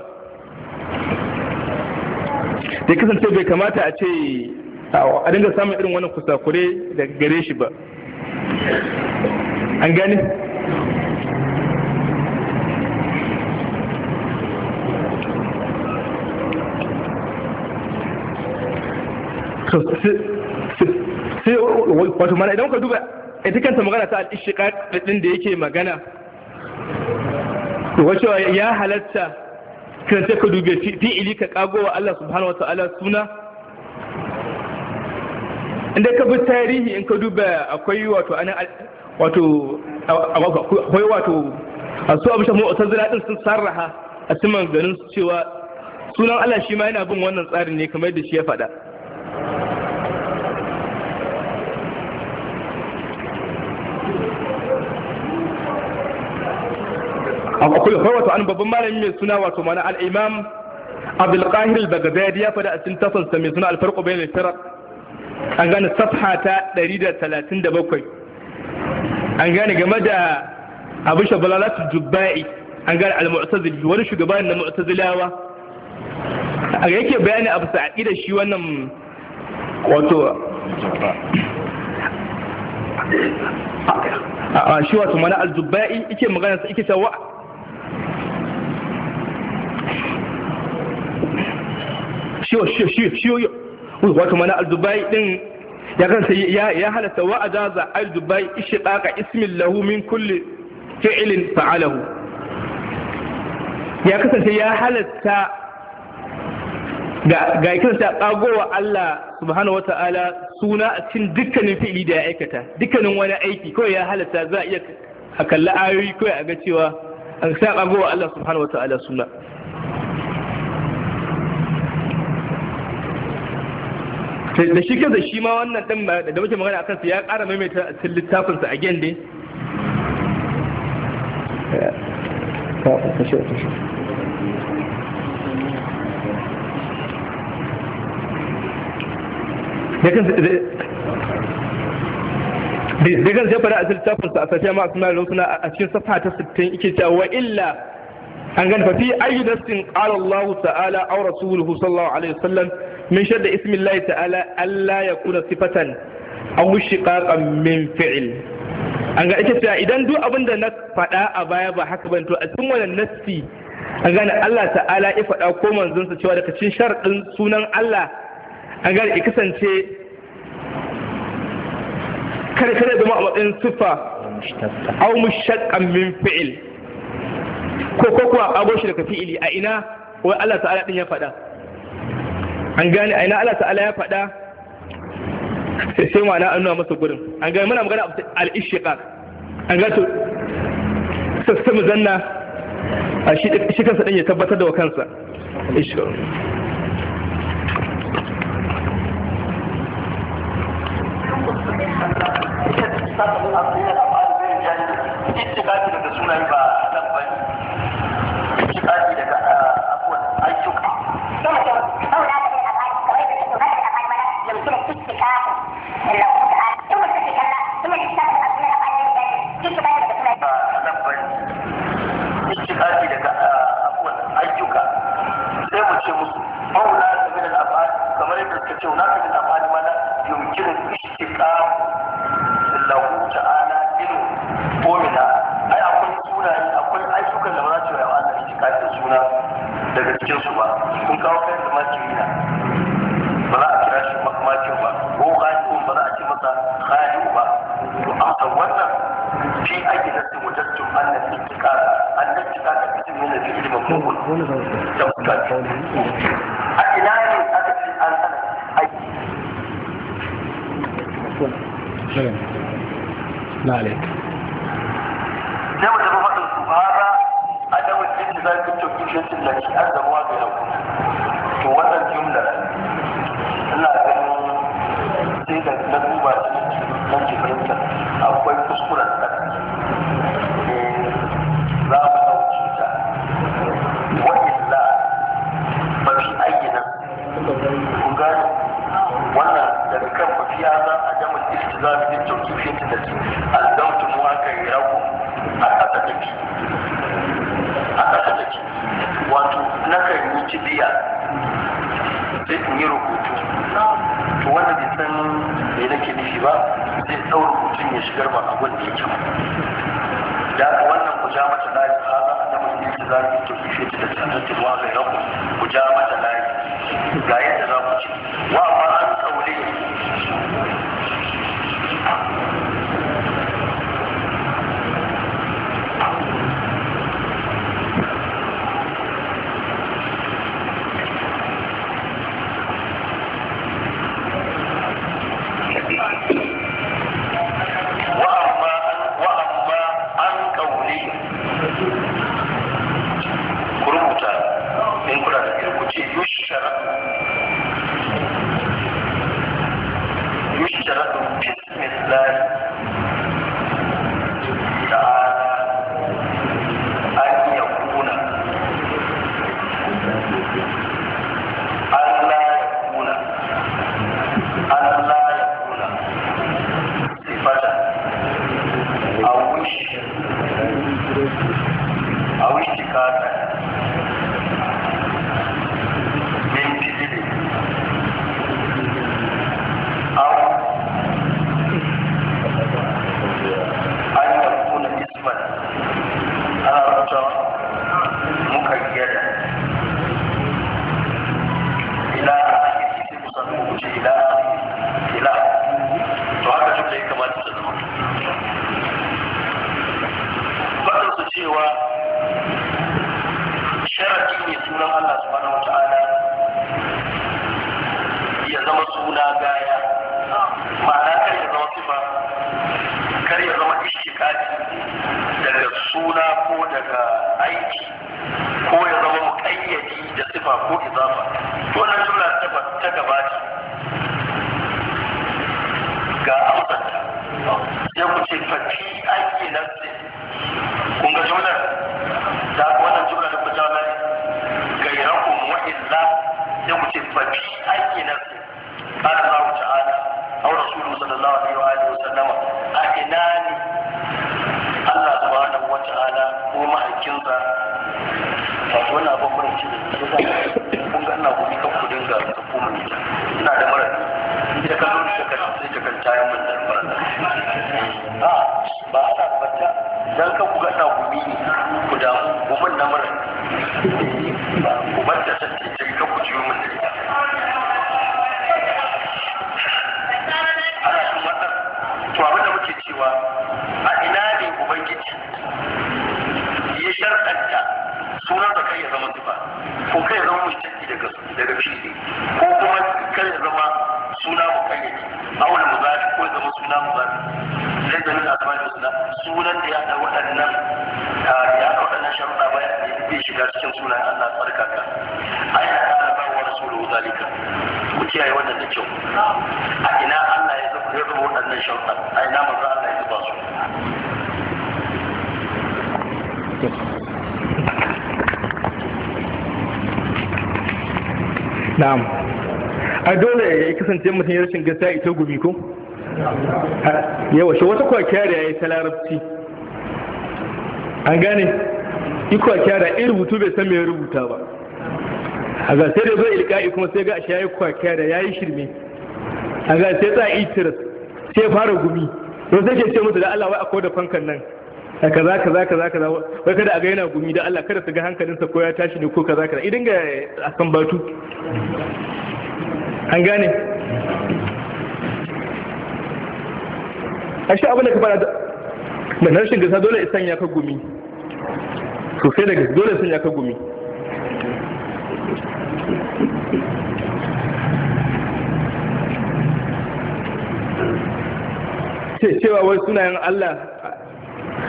da kasance bai kamata a ce a dinga samun irin wannan kusakure da gare shi ba an gani sai wato mana idan ka duba ita kanta magana ta al'ishika ɗin da yake magana wacce ya halatta kan ka dubi fi'ili ka kagowa Allah subhanahu wa ta'ala suna inda ka bi tarihi in ka duba akwai wato anan wato akwai wato a su abu shamu otar zira sun sarraha a cikin ganin cewa sunan Allah shi ma yana bin wannan tsarin ne kamar da shi ya faɗa akwai wato an babban malami mai suna wato mana al-imam abdulkahir al-baghdadi ya faɗa a cikin tafansa mai suna al-farqu bainal firaq an gane safha ta 137 an gane game da abu shabalalatu jubba'i an gane al-mu'tazili wani shugaban na mu'tazilawa a yake bayani abu sa aqida shi wannan wato a shi wato mana al-jubba'i yake magana sa yake cewa shi shi shi wato mana al-dubai din ya kansa ya halatta wa azaza al-dubai ishqaqa ismin lahu min kulli fi'lin fa'alahu ya kasance ya halatta ga ga kansa kagowa Allah subhanahu wata'ala suna a cikin dukkanin fi'li da ya aikata dukkanin wani aiki kawai ya halatta za a iya a kalli ayoyi kawai a ga cewa an sa kagowa Allah subhanahu wata'ala suna da shi kansa shi ma wannan din da muke magana akan sa ya ƙara maimaita cikin littafin sa again dai da kan sai fara a littafin sa a safiya ma a suna a cikin safa ta 60 yake cewa wa illa an gani fafi ayi dastin qala Allah ta'ala aw rasuluhu sallallahu alaihi wasallam min shadda ismi Allah ta'ala alla yakuna sifatan aw shiqaqan min fi'l an ga ita cewa idan duk abin da na faɗa a baya ba haka ba to a cikin wannan nassi an gane Allah ta'ala ya faɗa ko manzonsa cewa daga cikin sharɗin sunan Allah an gane ya kasance kare kare zama a matsayin siffa au mushaqqan min fi'il ko ko kuwa ago shi daga fi'ili a ina wai Allah ta'ala din ya faɗa an gane a ina Allah ta'ala ya faɗa sai ma'ana an nuna masa gurin an gane muna magana al-ishtiqaq an gato to sai mu zanna a shi shi kansa din ya tabbatar da kansa Thank you. هناك من أفعال ما يمكن الاستقام له تعالى منه ومنها أي أقول سورة أقول أي سورة لو رأيت يا أنا استقام سورة daga cikin su ba kun kawo kai da makiri ba za a kira shi makin ba ko ghaibun ba za a ce masa ghaib ba to a wannan fi ake da su annan ittika annan ittika da cikin mun da ilimin mun da لا عليك دولة مفضل هذا أدوى الجن ذلك التوكيشة التي أدوى بها وهذا الجملة لا أدوى سيدة لنوبة لنجي فهمتك أو كوي تسكرة ne a ƙasa da ke, wato na kan yi cibiya sai in yi rubutu to wannan bai san me nake nufi ba zai ɗau rubutun ya shigar ba abin da yake ba da haka wannan ku ja mata layi ha za a taɓa yin ta zai to ki fi da sanatun wa bai rabu ku ja mata layi ga yadda za ku ci wa ma an kaule an gane iko a kyara in rubutu bai san me ya rubuta ba a ga sai da zo ilka'i kuma sai ga a shayi kwa kyara ya yi shirme a ga sai za a itiras sai fara gumi to sai ke ce musu da Allah wai akwai da fankan nan a kaza kaza kaza kaza wai kada a ga yana gumi da Allah kada su ga hankalinsa ko ya tashi ne ko kaza kaza idan ga a kan batu an gane a shi abin da ka fara da na rashin gasa dole isan ya ka gumi sosai da gasa dole isan ya ka gumi ce cewa wai sunayen Allah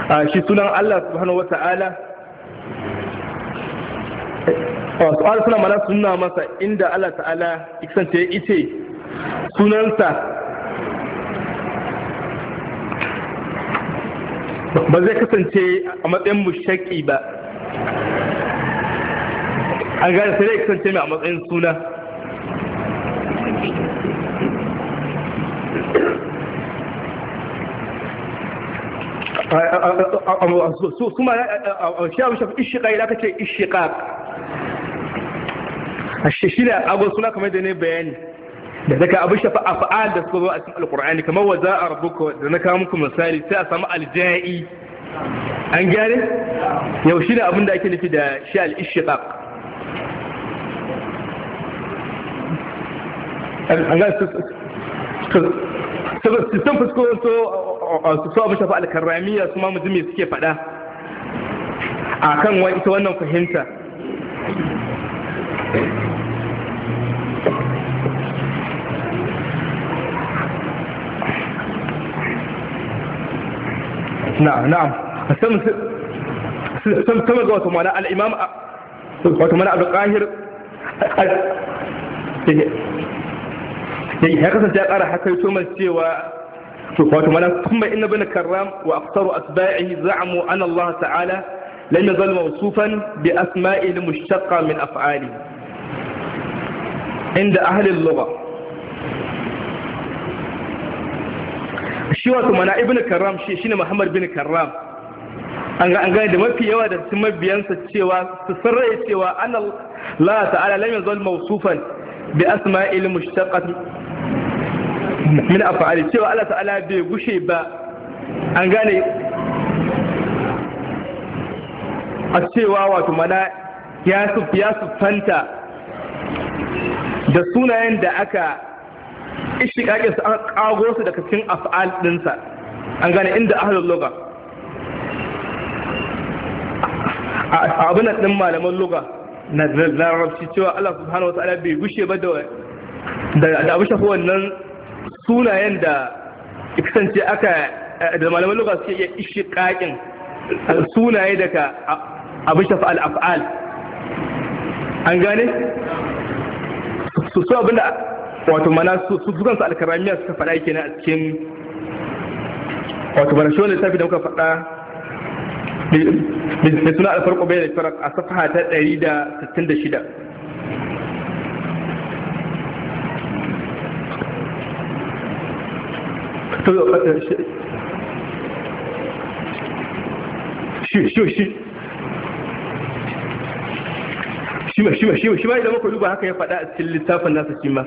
a shi sunan Allah subhanahu wata'ala a su'ar suna mana suna masa inda Allah ta'ala ikisance ya ice sunansa ba zai kasance a matsayin mu shaki ba an gane sai zai kasance mai a matsayin suna su ma shi abu shafi ishiƙa idan aka ce ishiƙa a shi ne agon suna kamar da ne bayani da zaka abu shafa af'al da suka zo a cikin alqur'ani kamar wa za'a rabbuka da na kawo muku misali sai a samu alja'i an gyare yau shi ne abin da ake nufi da shi al-ishtiqaq an ga sistan fusko so su abu shafa alkarramiya su ma mu me suke faɗa a kan ita wannan fahimta نعم نعم سمس سمس سمس قوت مولا الإمام قوت مولا عبد القاهر يعني هكذا جاء قرأ حتى يتوم السيوى قوت ثم إن ابن كرام وأكثر أتباعه زعموا أن الله تعالى لم يظل موصوفا بأسمائه المشتقة من أفعاله عند أهل اللغة shi wato mana ibn karram shi shine muhammad bin karram an ga an da mafi yawa da su mabiyansa cewa su sarraye cewa anna la ta'ala lam yazal mawsufan bi asma'il mushtaqat min af'ali cewa Allah ta'ala bai gushe ba an gane a cewa wato mana ya fanta. da sunayen da aka ishtiqaqin su an ƙago su daga cikin af'al ɗinsa. an gane inda ahlul a abin ɗin malaman luga na larabci cewa Allah subhanahu ala bai gushe ba da da abu shafi wannan sunayen da kasance aka da malaman luga suke iya ishtiqaqin sunaye daga abu shafi al-af'al an gane su abinda wato mana su su alkaramiya suka faɗa kenan a cikin wato mana shi littafi da muka faɗa mai suna alfarko bai da a safaha ta 166 shi shi shi shi ma shi ma shi ma da muka duba haka ya faɗa a cikin littafin nasa shi ma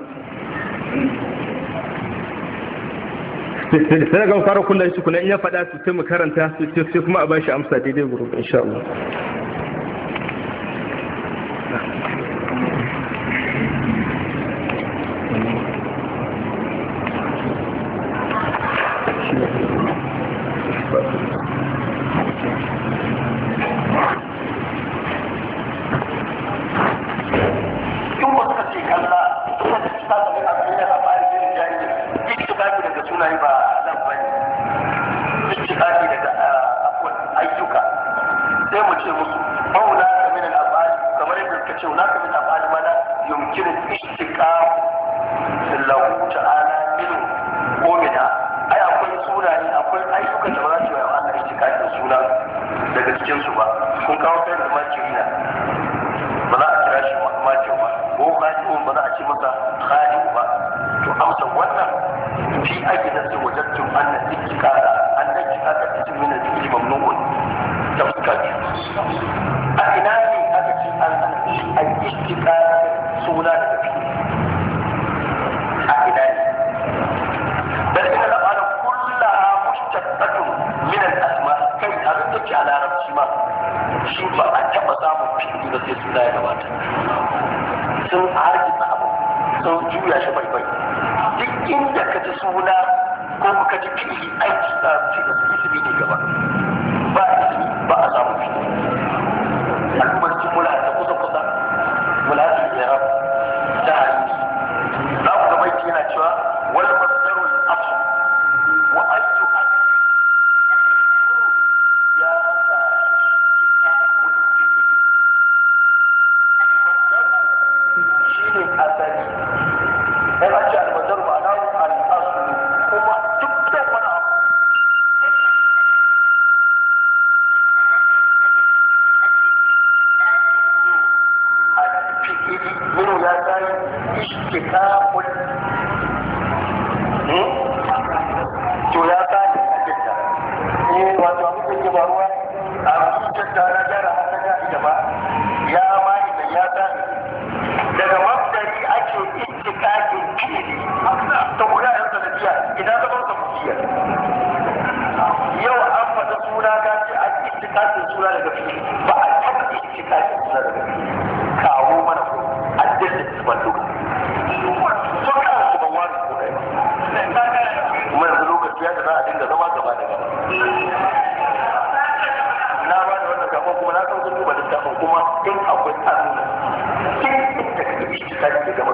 sai ga fara kullum shi kuna in ya faɗa su sai mu karanta su sai kuma a bashi amsa daidai gurbin insha Allah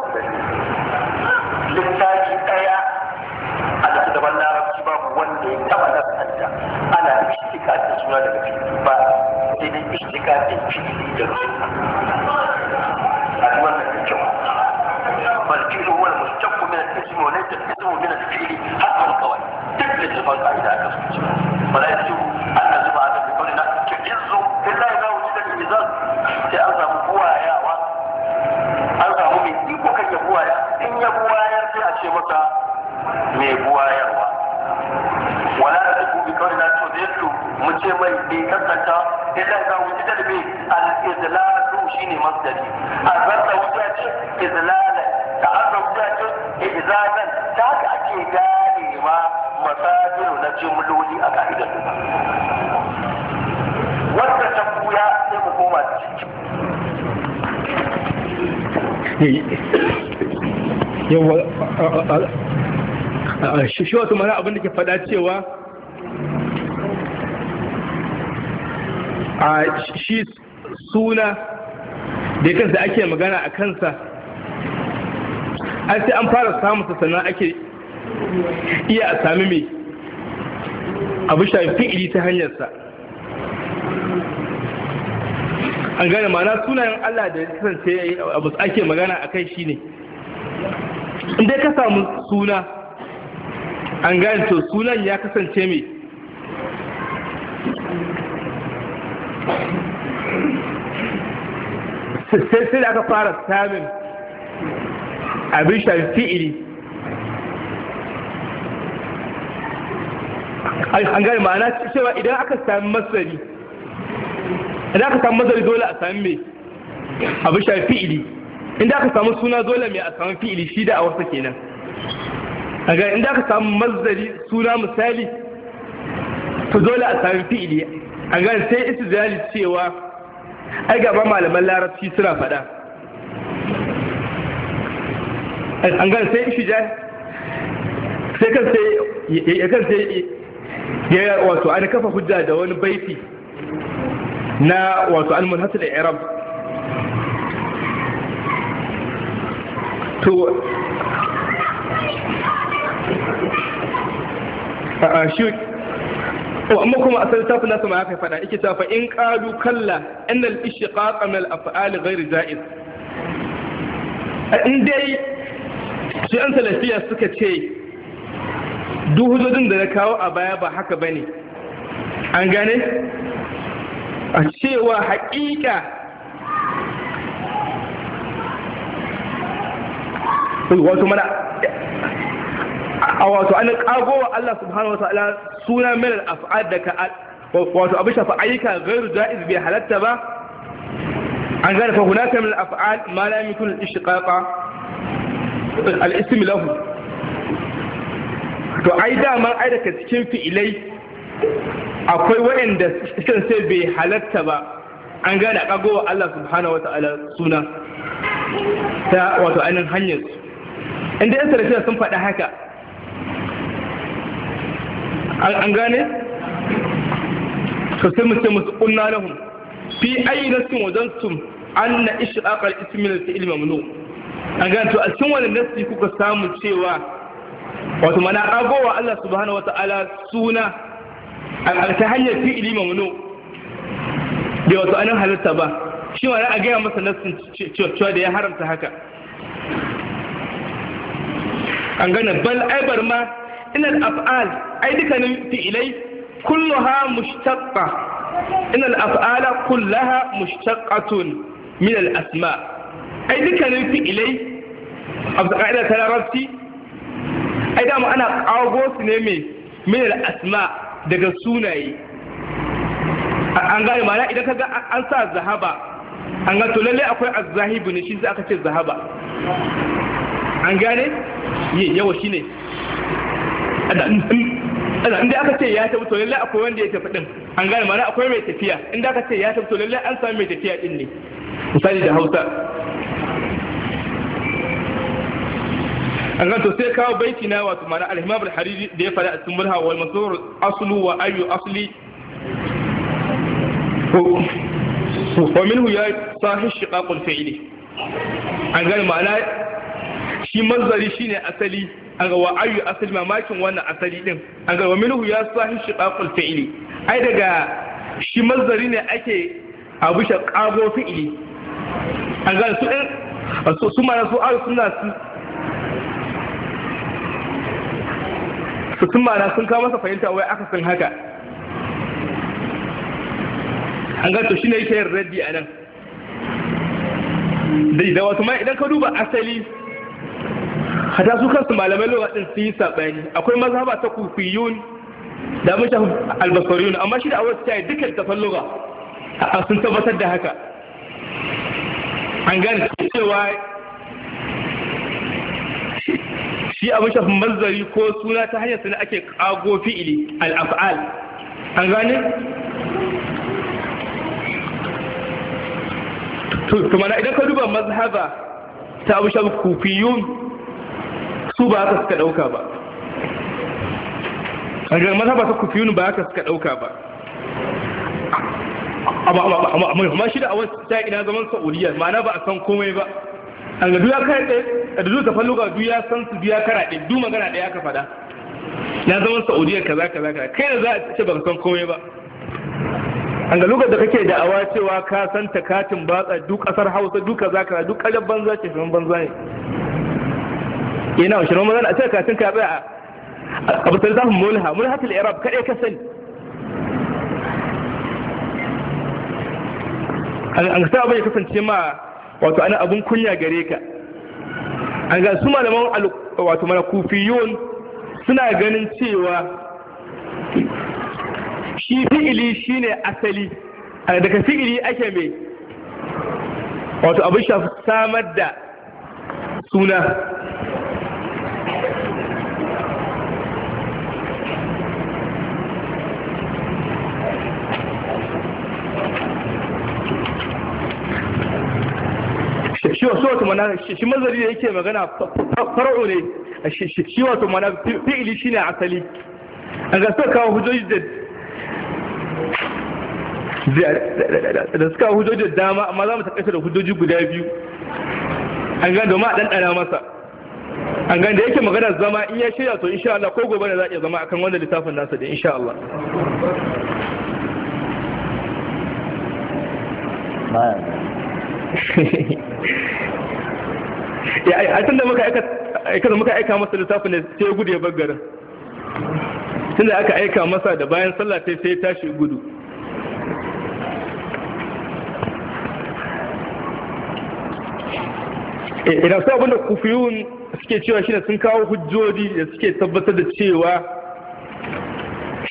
musulmi littafi ɗaya a littattafan larabci babu wanda ya taɓa nasanta ana ishtika da suna daga fili ba sai dai ishtika da fili da suna a wannan da kyau فالفعل هو المشتق من الاسم وليس الاسم من الفعل حتى القواعد تثبت الفرق اذا كفرت ولا يجب shi a ka'idar su wanda ta buya sai ku koma yawa shi wato mara abinda da ke faɗa cewa a shi suna da kansa ake magana a kansa an sai an fara samun sannan ake iya a sami mai abu shafi fi'ili ta hanyarsa an gane mana sunayen Allah da kasance abu ake magana a kai ne inda ka samu suna an gane to sunan ya kasance mai sai sai da aka fara samun abin shafi fi'ili an gane ma'ana cewa idan aka sami masari idan aka sami masari dole a sami mai abu shafi fi'ili inda aka sami suna dole mai a sami fi'ili shi da a wasa kenan a ga inda aka sami mazari suna misali to dole a sami fi'ili a ga sai isi zali cewa ai gaba malaman larabci suna faɗa an sai ishi ja sai kan sai ya wato an kafa hujja da wani baiti na wato al-munhasir al-i'rab to a shi amma kuma asali tafi nasu ma haka fada ike tafa in qalu kalla inna al-ishqaq min al-af'al ghayr ja'iz in dai shi an salafiya suka ce duk hujjojin da na kawo a baya ba haka bane an gane a cewa haƙiƙa wato mana a wato an ƙagowa Allah subhanahu wa ta'ala suna da ka wato shafa ayyuka gairu ja'iz bai halatta ba an gane fa hunaka min al ma la yamkun al-ishqaqa al lahu to ai daman ai daga cikin fi'ilai akwai waɗanda cikin sai bai halatta ba an gane a ƙagowa Allah subhanahu wata'ala suna ta wato ainihin hanyar su inda yan sarrafiya sun faɗi haka an gane to sai mu ce musu ƙunna lahum fi ayi nasin wajen sun an na ishi akar ismin fi'il mamnu an gane to a cikin wani nasi kuka samu cewa wato mana agowa Allah subhanahu wata'ala suna ta hanyar fi'ili mamnu bai wato anan halitta ba shi ma a gaya masa nassin cewa da ya haramta haka an gane bal aibar ma inal af'al ai dukkanin fi'ilai kulluha mushtaqqa inal af'ala kullaha mushtaqqatun min al asma ai dukkanin fi'ilai a ka'ida ta larabci ai dama ana kawo su ne mai min asma daga sunaye an gane mana idan ka ga an sa zahaba an ga to lalle akwai azzahibu ne shi sai aka ce zahaba an gane yi yawa shine ana inda aka ce ya tafi to lalle akwai wanda ya tafi din an gane mana akwai mai tafiya inda aka ce ya tafi to lalle an sami mai tafiya din ne misali da Hausa an to sai kawo baiti na wato mana al-imam al-hariri da ya faɗa a cikin mulha wal mansur aslu wa ayu asli wa minhu ya sahi shiqaqul fili an ga ma'ana shi manzari shine asali an ga wa ayu asali mamakin wannan asali din an ga wa minhu ya sahi shiqaqul fili ai daga shi manzari ne ake abu shaqago fi'li an ga su din eh, su mana su ayu su su sun ma'ana sun kawo masa fahimta wai aka san haka an gato shi ne yake yin raddi a nan da wasu ma idan ka duba asali hata su kansu malamai lokacin su yi saɓani akwai mazhaba ta kufiyun da mun shafi albasariyun amma shi da awar su yi dukkan tafan lura sun tabbatar da haka an gane cewa shi abu shafin mazari ko suna ta hanyar suna ake kago fi'ili al'af'al an gane? tumana idan ka duba mazhaba ta abu shafin kufiyun su ba haka suka dauka ba a ga mazhaba ta kufiyun ba haka suka dauka ba amma shi da awon ta ina zaman sa'uriyar ma'ana ba a san komai ba an ga duya kai tsaye da duk tafan luka duya san su biya kara ɗaya duk magana ɗaya aka faɗa ya zama saudiya kaza kaza Ka kai da za a ce baka san komai ba an ga lokacin da kake da awa cewa ka san takatin batsa duk kasar hausa duk za ka duk kajar banza ce shirin banza ne yana eh, wa shirin banza a cikin katin ka tsaya a batar zafin mulha mulha til irab kaɗai ka sani an ga sa abin ya kasance ma wato ana abun kunya gare ka an ga su malaman wato mana suna ganin cewa shi fi'ili shine asali daga fi'ili ake mai wato abin shafi samar da suna shi wato mana shi mazari da yake magana far'u ne shi wato mana fi'ili shi ne asali a ga suka kawo hujjoji da da suka hujjoji dama amma za mu takaita da hujjoji guda biyu an ga domin a ɗanɗana masa an ga da yake magana zama in ya shirya to insha Allah ko gobe ne za a iya zama akan wanda littafin nasa da insha Allah Bye. ya tunda muka aika masa littafin ne sai ya gudu ya bar garin tunda aka aika masa da bayan sallah sai sai ya tashi gudu eh, idan sa abinda kufiyun suke cewa shi sun kawo hujjoji da suke tabbatar da cewa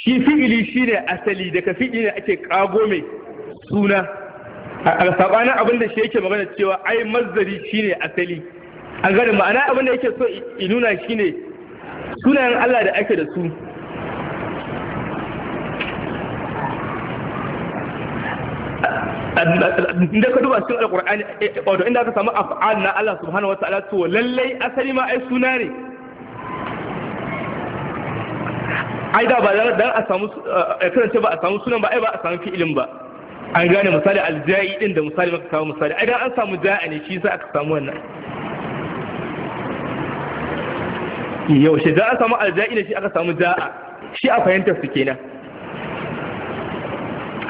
shi fi'ili shi ne asali daga fi'ili ne ake kago mai suna a sabanin abin da shi yake magana cewa ai mazdari shine asali an gane ma'ana abin da yake so i nuna shine sunayen Allah da ake da su inda ka duba cikin alkur'ani eh, eh, wato inda aka samu af'al na Allah subhanahu wa ta'ala to lallai asali ma ai suna ne ai da ba dan a samu eh, ba a samu sunan ba ai ba a samu fi'ilin ba an gane misali alja'i din da misali maka kawo misali idan an samu ja'a ne shi za aka samu wannan yau shi za a samu alja'i ne shi aka samu ja'a shi a fahimtar su kenan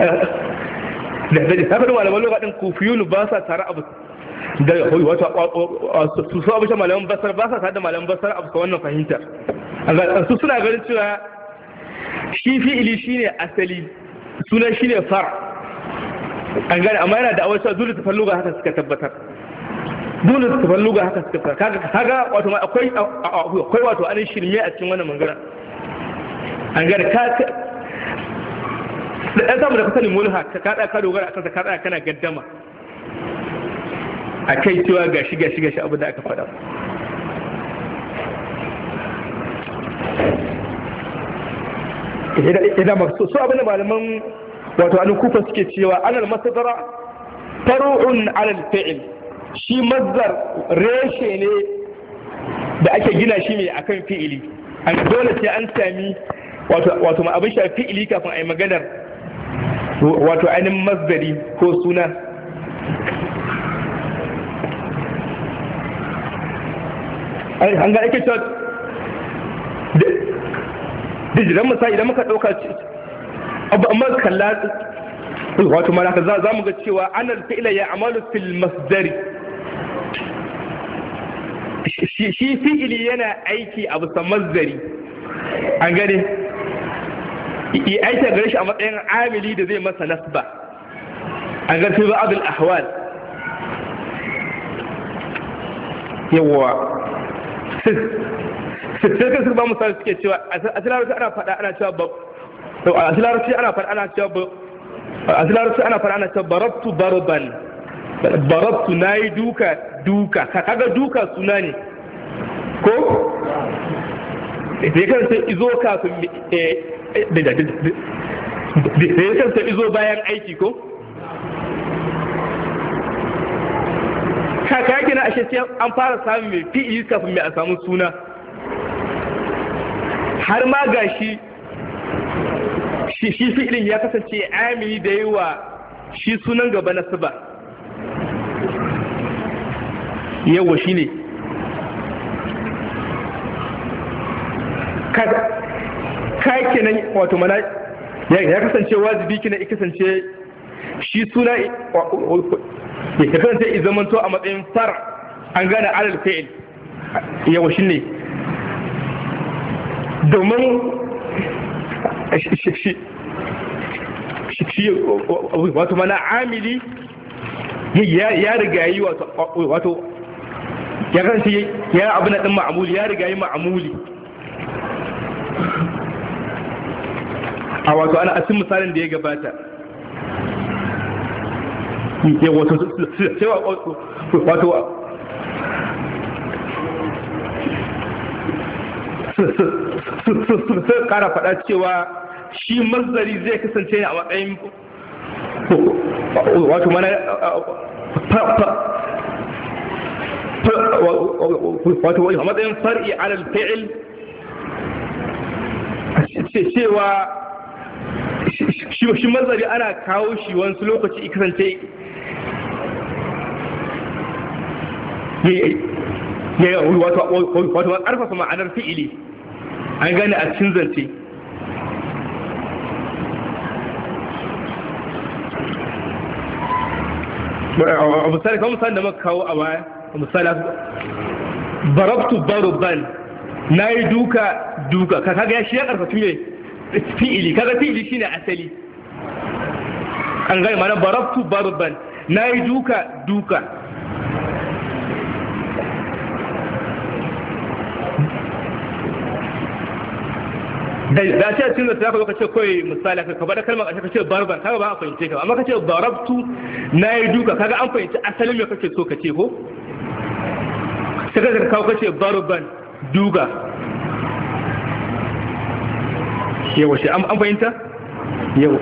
da zai haka da malaman lokacin kufiyu ba sa tare abu da yahudu wato su su abu shi malaman basar ba sa tare da malaman basar abu wannan fahimtar su suna ganin cewa shi fi'ili shine asali sunan shine far an gane amma yana da awar dole ta falluga haka suka tabbatar dole ta falluga haka suka tabbatar kaga wato akwai akwai wato an shirme a cikin wannan mangara an gane ka da ɗan samu da kasani mulha ka kada ka dogara a kansa ka tsaya kana gaddama a kai cewa gashi gashi gashi abu da aka faɗa idan ba su abin da malaman wato alin kufa suke cewa alal masadara faru'un alal fa'il shi mazdar reshe ne da ake gina shi ne akan fi'ili an dole sai an sami wato abin sha fi'ili kafin a maganar wato ainin mazdari ko suna an ga ake cewa da jiran idan muka dauka abu amma kalla wato mana za mu ga cewa anar fi'ila ya amalu fil masdari shi fili yana aiki a bisa masdari an gane yi aiki gare shi a matsayin amili da zai masa nasba an gane fi ba'adul ahwal yawwa sai kai su ba mu sa suke cewa a cikin ana faɗa ana cewa to a larabci ana fara ana cewa a larabci ana barabtu barban barabtu nayi duka duka kaga duka suna ne ko da kan sai izo kafin eh, eh, da kan izo bayan aiki ko kaka yake na ashe sai an fara samun mai fi'i kafin mai a samu suna har ma gashi shi shi fi'ilin ya kasance amini da yi wa shi sunan gaba na suba yawa shi ne kake kenan wato mana ya kasance wajibi kina ya kasance shi suna ya kasance ya zamanto a matsayin far an gane alal fi'il yawa shi ne domin wato mana amili ya riga yi wato ya kansu ya abu na ɗin ma'amuli ya riga yi ma'amuli a wato ana asin misalin da ya gabata ya wato sai wato sun kara faɗa cewa shi zai kasance a matsayin wato mana wato wani matsayin far'i alal fi'il cewa shi mazari ana kawo shi wani lokaci kasance wato wato ma'anar fi'ili an gane a cikin zance A misali kan misali da muka kawo a baya misali barabtu barubban na yi duka duka ka kaga ya shi ya karfafi mai fi'ili kaga fi'ili shine asali an gani mana barabtu barubban na yi duka duka da ce cikin da ta ka ce kawai misali ka kabar kalmar a ka ce barbar kaga ba a fahimce ka amma ka ce barabtu na yi duka kaga an fahimci asalin me kake so ka ce ko sai ka kawo ka ce barban duka yawa shi an fahimta yawa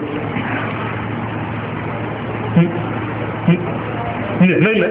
ne ne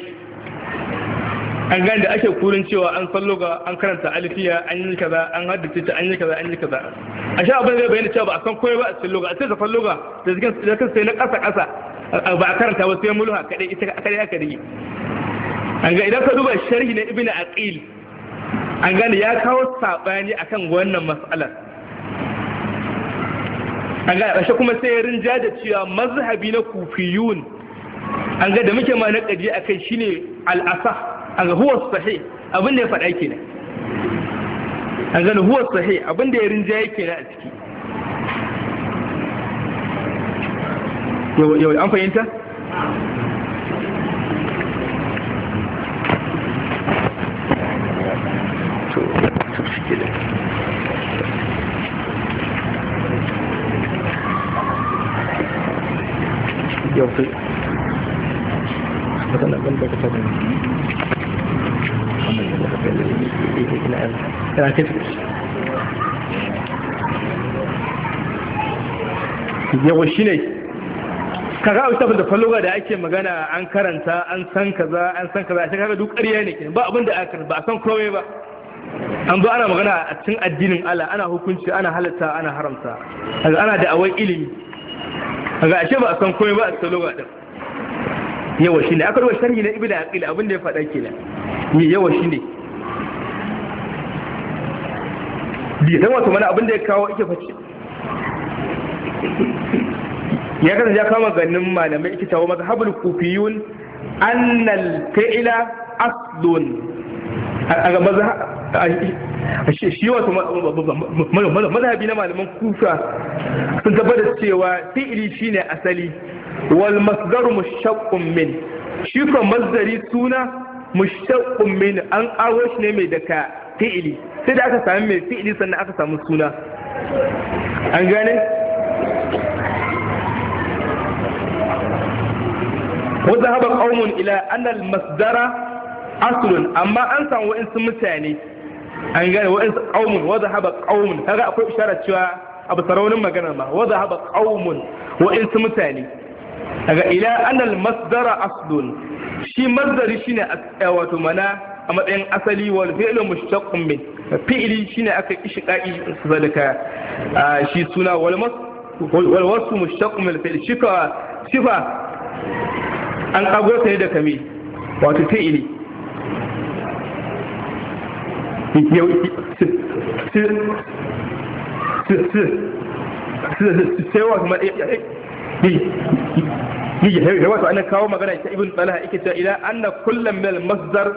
an gane da ake kurin cewa an sallo ga an karanta alifiya an yi kaza an haddace ta an yi kaza an yi kaza a sha abin zai bayyana cewa ba a san koyi ba a cikin ga a cikin sallo ga da cikin da kan sai na kasa kasa ba a karanta ba sai mulha kadai ita kadai ka dai an ga idan ka duba sharhi na ibnu aqil an gane ya kawo sabani akan wannan mas'alar an gane ashe kuma sai ya rinja da cewa mazhabi na kufiyun an ga da muke ma na kaji akai shine al-asah al huwa sahih abin da ya faɗa kenan al huwa sahih abin da ya rinjaye kenan a ciki yau an fahimta yau sai matsalar ɗan da ka tabbata yawa shi ne kaga abu da falowa da ake magana an karanta an san kaza an san kaza a kaga duk ƙarya ne ba abin da aka ba a san komai ba an zo ana magana a cikin addinin Allah ana hukunci ana halatta ana haramta daga ana da awai ilimi kaga ashe ba a san komai ba a falowa ɗin yawa shi ne aka ruwa shari'i na ibnu aqil abin da ya faɗa ke yawa shi ne bi don wato mana abin da ya kawo ike fashe ya kasance ya kama ganin malamai ike tawo mazhabul kufiyun annal fi'la aslun shi wato mazhabi na malaman kufa sun tabbatar cewa shi ne asali wal masgar mushaqqun min shi kuma mazari suna mushaqqun min an aro shi ne mai daka. fi'ili sai da aka sami mai fi'ili sannan aka samu suna an gane wata haɓa ƙaunin ila annal masdara asulun amma an samu wa'insu mutane an gane wa'insu ƙaunin wadda haɓa ƙaunin kaga akwai isharar cewa abu saraunin magana ma wata haɓa ƙaunin wa'insu mutane daga ila annal masdara asulun shi masdari shi ne shine eh, wato mana a matsayin asali wal fi'lu mushtaqqun min fi'li shine aka da sadaka shi suna wal mas wal wasfu mushtaqqun min fi'li shifa sifa an kago ta da kame wato fi'li sai wasu maɗaya wato ana kawo magana ta ibn talha ike ta, ila anna kullum mil masdar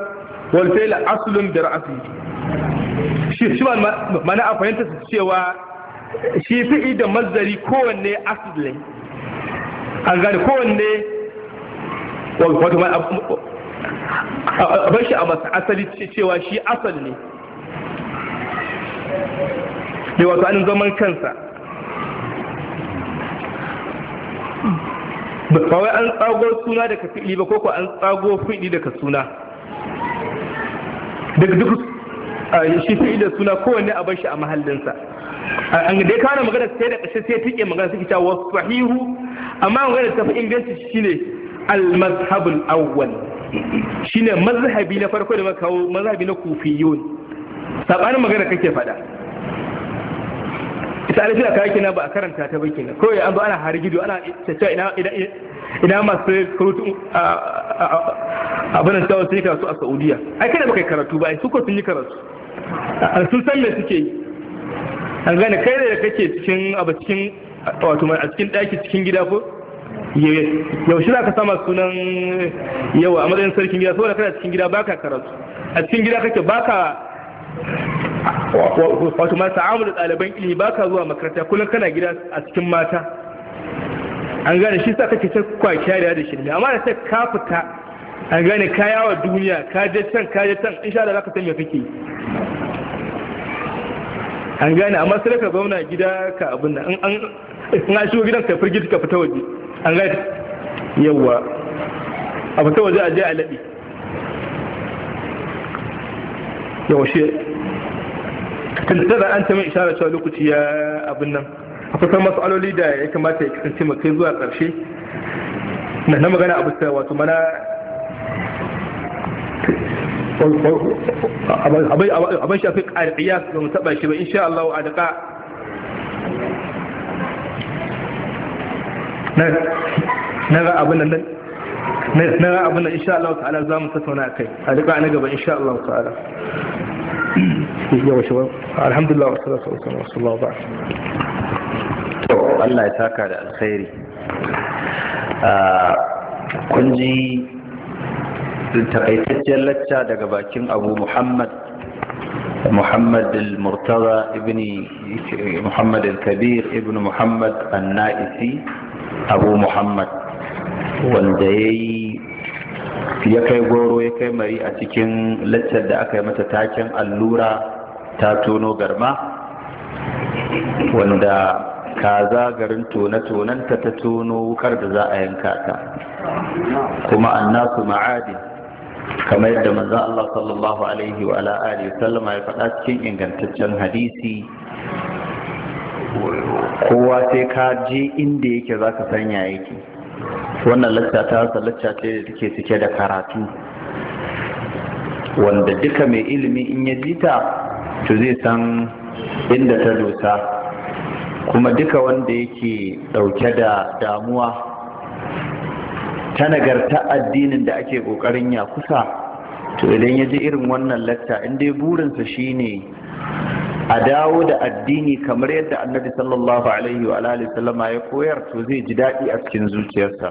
wal fi'l da bi shi shi mana a fahimta su cewa shi fi'i da mazari kowanne asli an gane kowanne wato bar shi a masa asali cewa shi asali ne da wato anin zaman kansa ba wai an tsago suna daga fi'ili ba koko an tsago fi'ili daga suna duk duk shi fi'il da suna kowanne a bar shi a mahallinsa an dai kana magana sai da kashe sai tuke magana suke cewa sahihu amma magana ta fi inganci shine al-mazhab al-awwal shine mazhabi na farko da muka kawo mazhabi na kufiyun sabanin magana kake fada ita alfiya kake na ba a karanta ta ba kawai an zo ana hargido ana cewa ina ina masu karatu abin da sun yi karatu a saudiya ai kada baka yi karatu ba ai suka sun yi karatu A sun san me suke yi an gane kai da kake cikin abu cikin wato a cikin daki cikin gida ko yaushe za ka sama sunan yawa a matsayin sarkin gida saboda kada cikin gida baka karatu a cikin gida kake baka wato ma ta'amul da ɗaliban ilimi baka zuwa makaranta kullum kana gida a cikin mata an gane shi sa kake ta kwakiya da shirme amma da ta ka fita an gane ka yawa duniya ka je can ka je can insha Allah zaka san me kake an gane amma sai ka zauna gida ka abin nan an an shigo gidan ka firgita ka fita waje an gane yawa a fita waje a je a labi yawa shi da an ta mai isharar cewa lokaci ya abin nan akwai matsaloli da ya kamata ya kasance mu kai zuwa ƙarshe na na magana abu ta wato mana abin shafi ƙariya su zama taɓa shi ba insha Allah a daƙa na ga abin nan na abin da insha Allah ta'ala za mu tattauna kai a riba na gaba insha Allah ta'ala yawa shawar alhamdulillah wa salatu wa sallam sallallahu ba to Allah ya saka da alkhairi ah, kun ji takaitaccen lacca daga bakin Abu Muhammad محمد muhammad al kabir الكبير muhammad محمد النائسي abu muhammad. wanda ya yi ya kai goro ya kai mari a cikin laccar da aka yi mata taken allura ta tono garma wanda kaza garin tone-tonenta ta tono wukar da za a yanka ta kuma annasu ma'adin kamar yadda manzan Allah sallallahu alaihi wa ala'ari sallama ya faɗa cikin ingantaccen hadisi kowa sai ka je inda yake za ka sanya yake wannan lacca ta wasa lacca ce da take cike da karatu wanda duka mai ilimi in ya ji ta to zai san inda ta dosa kuma duka wanda yake dauke da damuwa ta nagarta addinin da ake kokarin ya kusa to idan ya ji irin wannan lacca in dai burinsa shine a dawo da addini kamar yadda annabi sallallahu alaihi wa alihi sallama ya koyar to zai ji daɗi a cikin zuciyarsa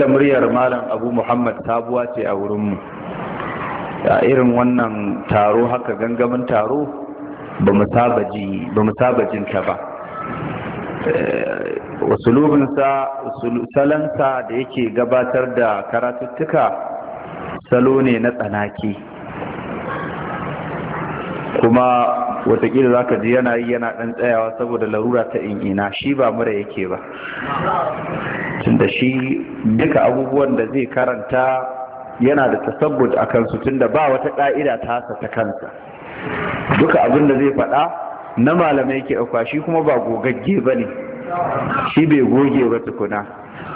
da muryar malam abu muhammad sabuwa ce a wurinmu a irin wannan taro haka gangamin taro ba mu saba jinta ba eh, usulubinsa salansa da yake gabatar da karatuttuka salo ne na tsanaki kuma watakila za ka ji yana yi yana ɗan tsayawa saboda larura ta in'ina shi ba mura yake ba tunda shi duka abubuwan da zai karanta yana da tasabbut a kansu tunda ba wata ƙa'ida ta hasa ta kansa duka abin da zai faɗa na malamai ke ɗauka shi kuma ba gogagge ba ne shi bai goge ba tukuna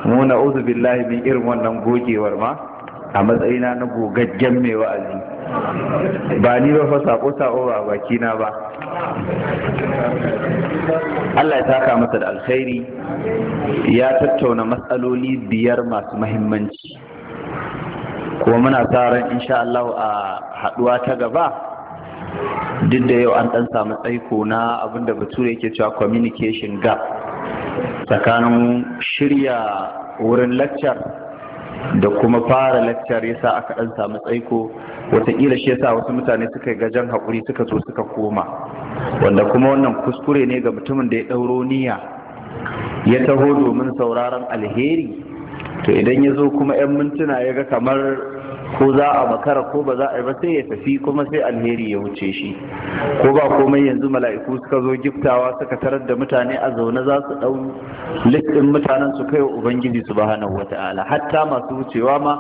mu na billahi min irin wannan gogewar ma a matsayina na gogaggen mai wa'azi ba ni ba fa sako sako ba baki na ba Allah ya taka masa da alkhairi ya tattauna matsaloli biyar masu mahimmanci kuma muna sa ran insha Allah a haduwa ta gaba duk da yau an dan samu tsaiko na abinda bature yake cewa communication gap tsakanin shirya wurin lecture da kuma fara lecture yasa aka dan samu tsaiko wataƙila shi yasa wasu mutane suka yi gajen haƙuri suka zo suka koma wanda kuma wannan kuskure ne ga mutumin da ya ɗauro niyya ya taho domin sauraron alheri to idan ya zo kuma 'yan mintuna ya ga kamar ko za a makara ko ba za a yi ba sai ya tafi kuma sai alheri ya wuce shi ko ba komai yanzu mala'iku suka zo giftawa suka tarar da mutane a zaune za su dau littin mutanen su kai wa ubangiji subhanahu wata'ala hatta masu wucewa ma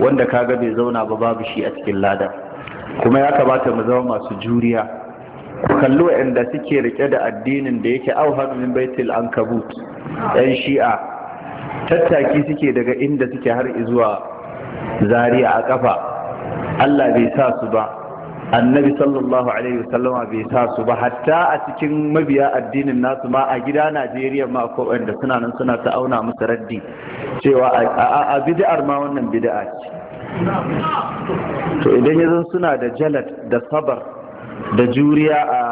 wanda kaga bai zauna ba babu shi a cikin ladar kuma ya kamata mu zama masu juriya ku kalli waɗanda suke rike da addinin da yake auhar min baitul ankabut yan shi'a tattaki suke daga inda suke har zuwa zariya a kafa Allah bai sa su ba annabi sallallahu alaihi wasallama bai sa su ba hatta a cikin mabiya addinin nasu ma a gida Najeriya ma ko wanda suna nan suna ta auna musu raddi cewa a bid'ar ma wannan bid'a ce to idan yanzu suna da jalat da sabar da juriya a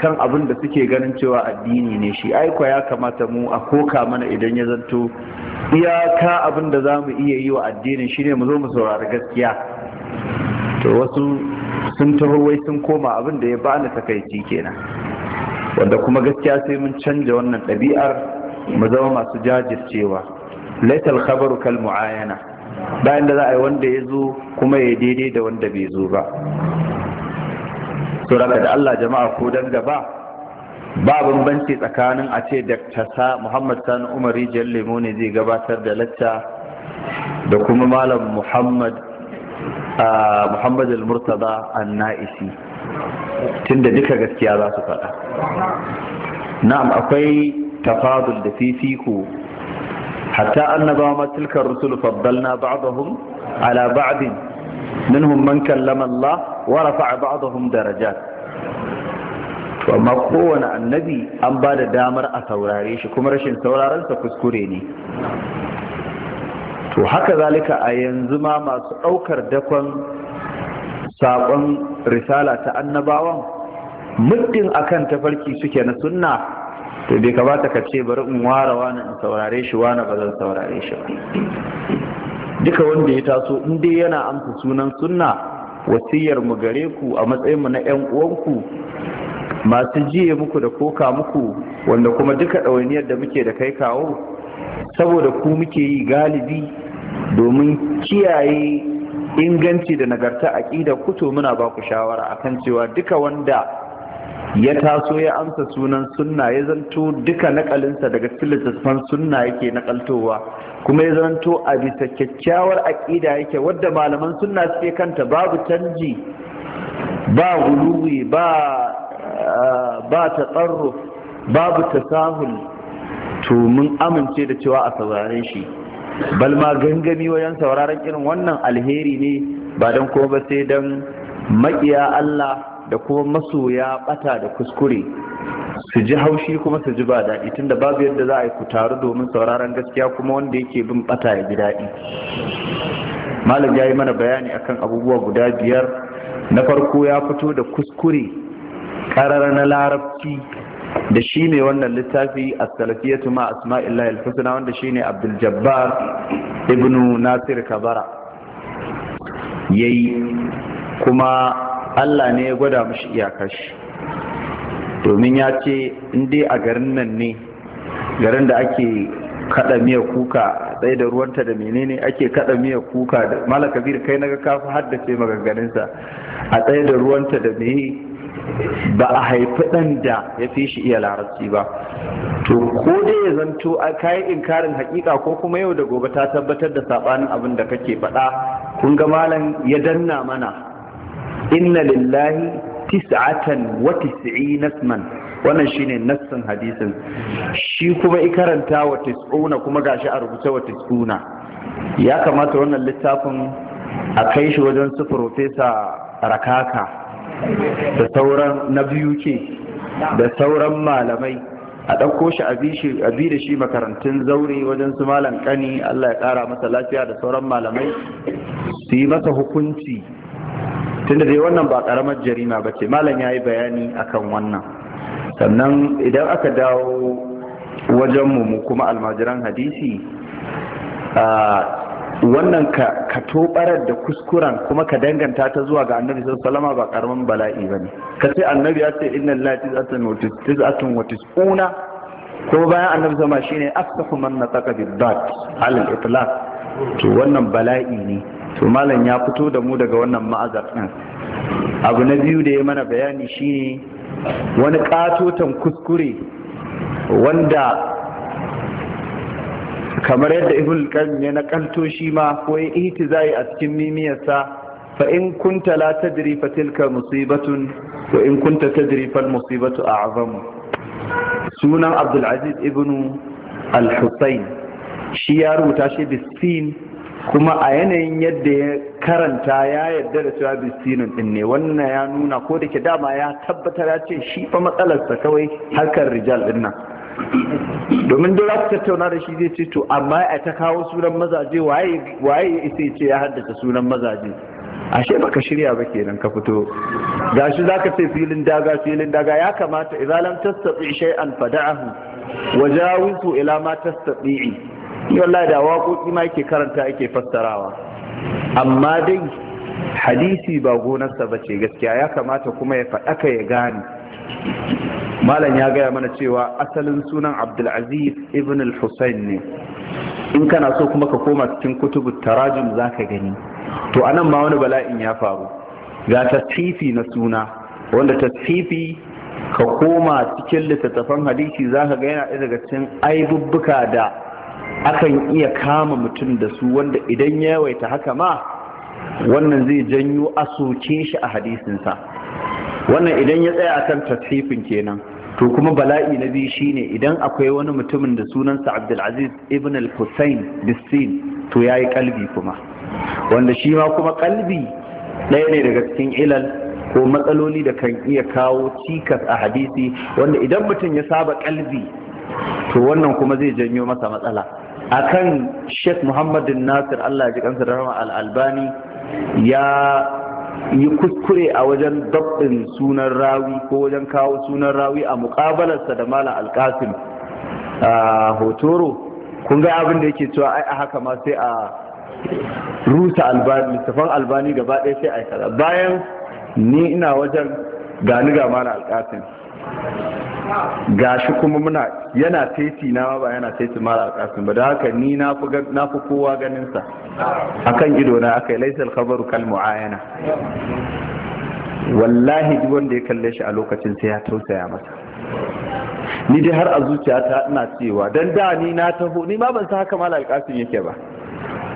kan abin da suke ganin cewa addini ne shi aiko ya kamata mu a koka mana idan ya zanto iyaka abin da za mu iya yi wa addinin shi ne mu zo mu saurari gaskiya to wasu sun taho wai sun koma abin da ya bani takaici kenan wanda kuma gaskiya sai mun canja wannan ɗabi'ar mu zama masu jajircewa laisal khabaru kal mu'ayana bayan da za a yi wanda ya zo kuma ya daidai da wanda bai zo ba sauraka da Allah jama'a ko dan gaba ba bambanci tsakanin a ce Dr. Sa Muhammad Sani Umar Rijiyar Lemo ne zai gabatar da lacca da kuma Malam Muhammad Muhammad al an-Na'isi tunda duka gaskiya za su faɗa. Na'am akwai tafadul da fifiko hatta annabawa ma tilkar rusul faddalna ba'dahum ala ba'din minhum man kallama Allah wa rafa'a ba'dahum darajat to amma kowane annabi an ba da damar a saurare shi kuma rashin sa kuskure ne to haka zalika a yanzu ma masu ɗaukar dakon saƙon risala ta annabawan muddin akan tafarki suke na sunna to bai kamata ka ce bari in ware wani in saurare shi wani ba zan saurare shi ba duka wanda ya taso in dai yana amsa sunan sunna wasiyar mu gare ku a matsayin mu na yan uwanku masu jiye muku da koka muku wanda kuma duka ɗawainiyar da muke da kai kawo saboda ku muke yi galibi domin kiyaye inganci da nagarta ƙida kuto muna ba ku shawara akan cewa duka wanda ya taso ya amsa sunan sunna ya zanto duka nakalinsa daga tilasta sunna yake nakaltowa kuma ya zanto a bisa kyakkyawar aƙida yake wadda malaman suna suke kanta babu canji ba guluwi ba ta tsarruf babu tasahul to mun amince da cewa a saurare shi bal ma gangami wajen sauraron irin wannan alheri ne ba don kuma ba sai don maƙiya Allah da kuma masoya ɓata da kuskure su ji haushi kuma su ji ba daɗi tunda babu yadda za a yi ku taru domin sauraron gaskiya kuma wanda yake bin bata ya ji daɗi malam ya yi mana bayani akan abubuwa guda biyar na farko ya fito da kuskure ƙarar na larabci da shi ne wannan littafi a salafiyatu ma asma'illah al-husna wanda shi ne abdul jabbar ibnu nasir kabara yayi kuma allah ne ya gwada mashi iyakashi domin ya ce in dai a garin nan ne garin da ake kada miyar kuka tsaye da ruwanta da menene ake kada miyar kuka da mala kabir kai naga kafa haddace maganganunsa a tsaye da ruwanta da meye ba a haifi ɗan da ya fi shi iya larabci ba to ko dai ya zanto a kayan inkarin hakika ko kuma yau da gobe ta tabbatar da sabanin abin da kake faɗa kun ga malam ya danna mana inna lillahi tis'atan wa tis'ina man wannan shine nassin hadisin shi kuma ikaranta wa tis'una kuma gashi a rubuce wa tis'una ya kamata wannan littafin a kai shi wajen su profesa rakaka da sauran na biyu ke da sauran malamai a ɗauko shi a bi da shi makarantun zaure wajen su malam kani Allah ya ƙara masa lafiya da sauran malamai su yi masa hukunci tunda dai wannan ba karamar jarima ba ce malam ya yi bayani akan wannan sannan idan aka dawo wajenmu mu kuma almajiran hadisi wannan ka tobarar da kuskuren kuma ka danganta ta zuwa ga annabi salama ba karamin bala'i ba ne ka ce annabi ya ce inna lillahi tis'atun wa tis'una ko bayan annabi sama shine afsahu man nataqa bid dat al itlaq to wannan bala'i ne to malam ya fito da mu daga wannan ma'azar ɗin abu na biyu da ya mana bayani shine wani ƙatoton kuskure wanda kamar yadda ibn qayyim ya nakalto shi ma ko ya iti zai a cikin mimiyarsa fa in kunta la tadri fa tilka musibatun wa in kunta tadri al musibatu a'zamu sunan abdul aziz ibn al-husayn shi ya rubuta shi bisin kuma a yanayin yadda ya karanta ya yarda da cewa bistinin din ne wannan ya nuna ko da ke dama ya tabbatar ya ce shi fa matsalarsa kawai harkar rijal din nan domin dole aka tattauna da shi zai ce to amma a ta kawo sunan mazaje waye waye isa ce ya haddasa sunan mazaje ashe baka shirya ba kenan ka fito gashi zaka ce filin daga filin daga ya kamata idan lam tastati shay'an fada'ahu wajawizu ila ma tastati ni wallahi da waƙoƙi ma yake karanta ake fassarawa amma dai hadisi ba gonarsa ba ce gaskiya ya kamata kuma ya faɗaka ya gane malam ya gaya mana cewa asalin sunan abdulaziz ibn al-husayn ne in kana so kuma ka koma cikin kutubu tarajum za ka gani to anan ma wani bala'in ya faru ga tasfifi na suna wanda tasfifi ka koma cikin littattafan hadisi za ka ga yana daga cikin aibubbuka da akan iya kama mutum da su wanda idan ya yawaita haka ma wannan zai janyo a soke shi a hadisinsa wannan idan ya tsaya akan tasifin kenan to kuma bala'i na biyu shine idan akwai wani mutumin da sunansa abdulaziz ibn al-hussein bisin to ya yi kalbi kuma wanda shi ma kuma kalbi ɗaya ne daga cikin ilal ko matsaloli da kan iya kawo cikas a hadisi wanda idan mutum ya saba kalbi to wannan kuma zai janyo masa matsala akan Sheikh Muhammad Nasir Allah ya ji kansa da rahama al-Albani ya yi kuskure a wajen dabbin sunan rawi ko wajen kawo sunan rawi a muƙabalarsa da Malam Al-Qasim a Hotoro kun ga abin da yake cewa ai a haka ma sai a rusa albani Mustafa albani gaba ɗaya sai a yi kaza bayan ni ina wajen gani ga Malam Al-Qasim Ga shi kuma muna yana taiti na ba yana taiti mara alƙasin ba da haka ni na fi kowa ganinsa a kan ido na aka yi laisar khabaru kal mu'ayana wallahi duk wanda ya kalle shi a lokacin sai ya tausaya masa ni dai har a zuciya ta ina cewa dan da ni na taho ni ma ban san haka mala alƙasin yake ba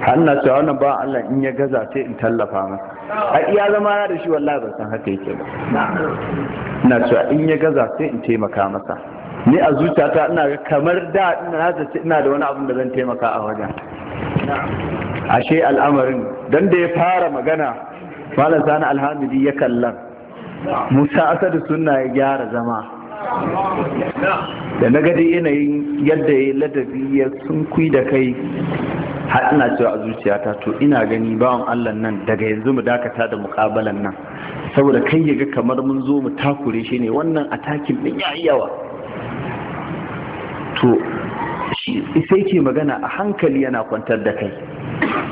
hanna cewa wannan ba Allah in ya gaza sai in tallafa masa a iya zama na da shi wallahi ba san haka yake ba na cewa in ya gaza sai in taimaka masa ni a zuciyata ina ga kamar da ina da ina da wani abin da zan taimaka a wajen ashe al'amarin dan da ya fara magana malam sani alhamidi ya kallan musa asadu sunna ya gyara zama da na gadi yanayin yadda ya ladabi ya sun kui da kai har ina cewa a zuciyata to ina gani bawan Allah nan daga yanzu mu dakata da mukabalan nan saboda kai ya ga kamar mun zo mu takure shi ne wannan a takin ɗin ya yawa to sai ke magana a hankali yana kwantar da kai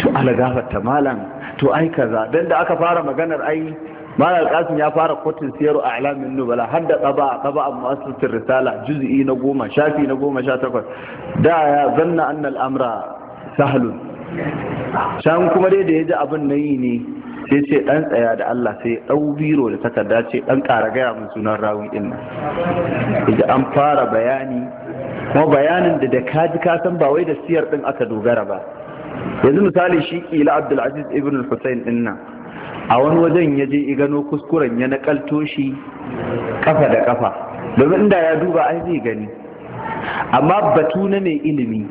to ala gafarta malam to ai kaza dan da aka fara maganar ai mala alƙasim ya fara kotun siyar a alamin nubala har da a tsaba a risala juz'i na goma shafi na goma sha takwas da ya zanna an al'amra sahalun can kuma dai da ya ji abin na yi ne sai ce ɗan tsaya da Allah sai ɗau biro da takarda ce ɗan ƙara gaya mai sunan rawun ɗin nan an fara bayani kuma bayanin da da ka ji ka san ba wai da siyar ɗin aka dogara ba yanzu misali shi ƙila abdulaziz ibn hussein ɗin nan a wani wajen ya je i gano kuskuren ya nakalto shi kafa da kafa domin inda ya duba ai zai gani amma batu na mai ilimi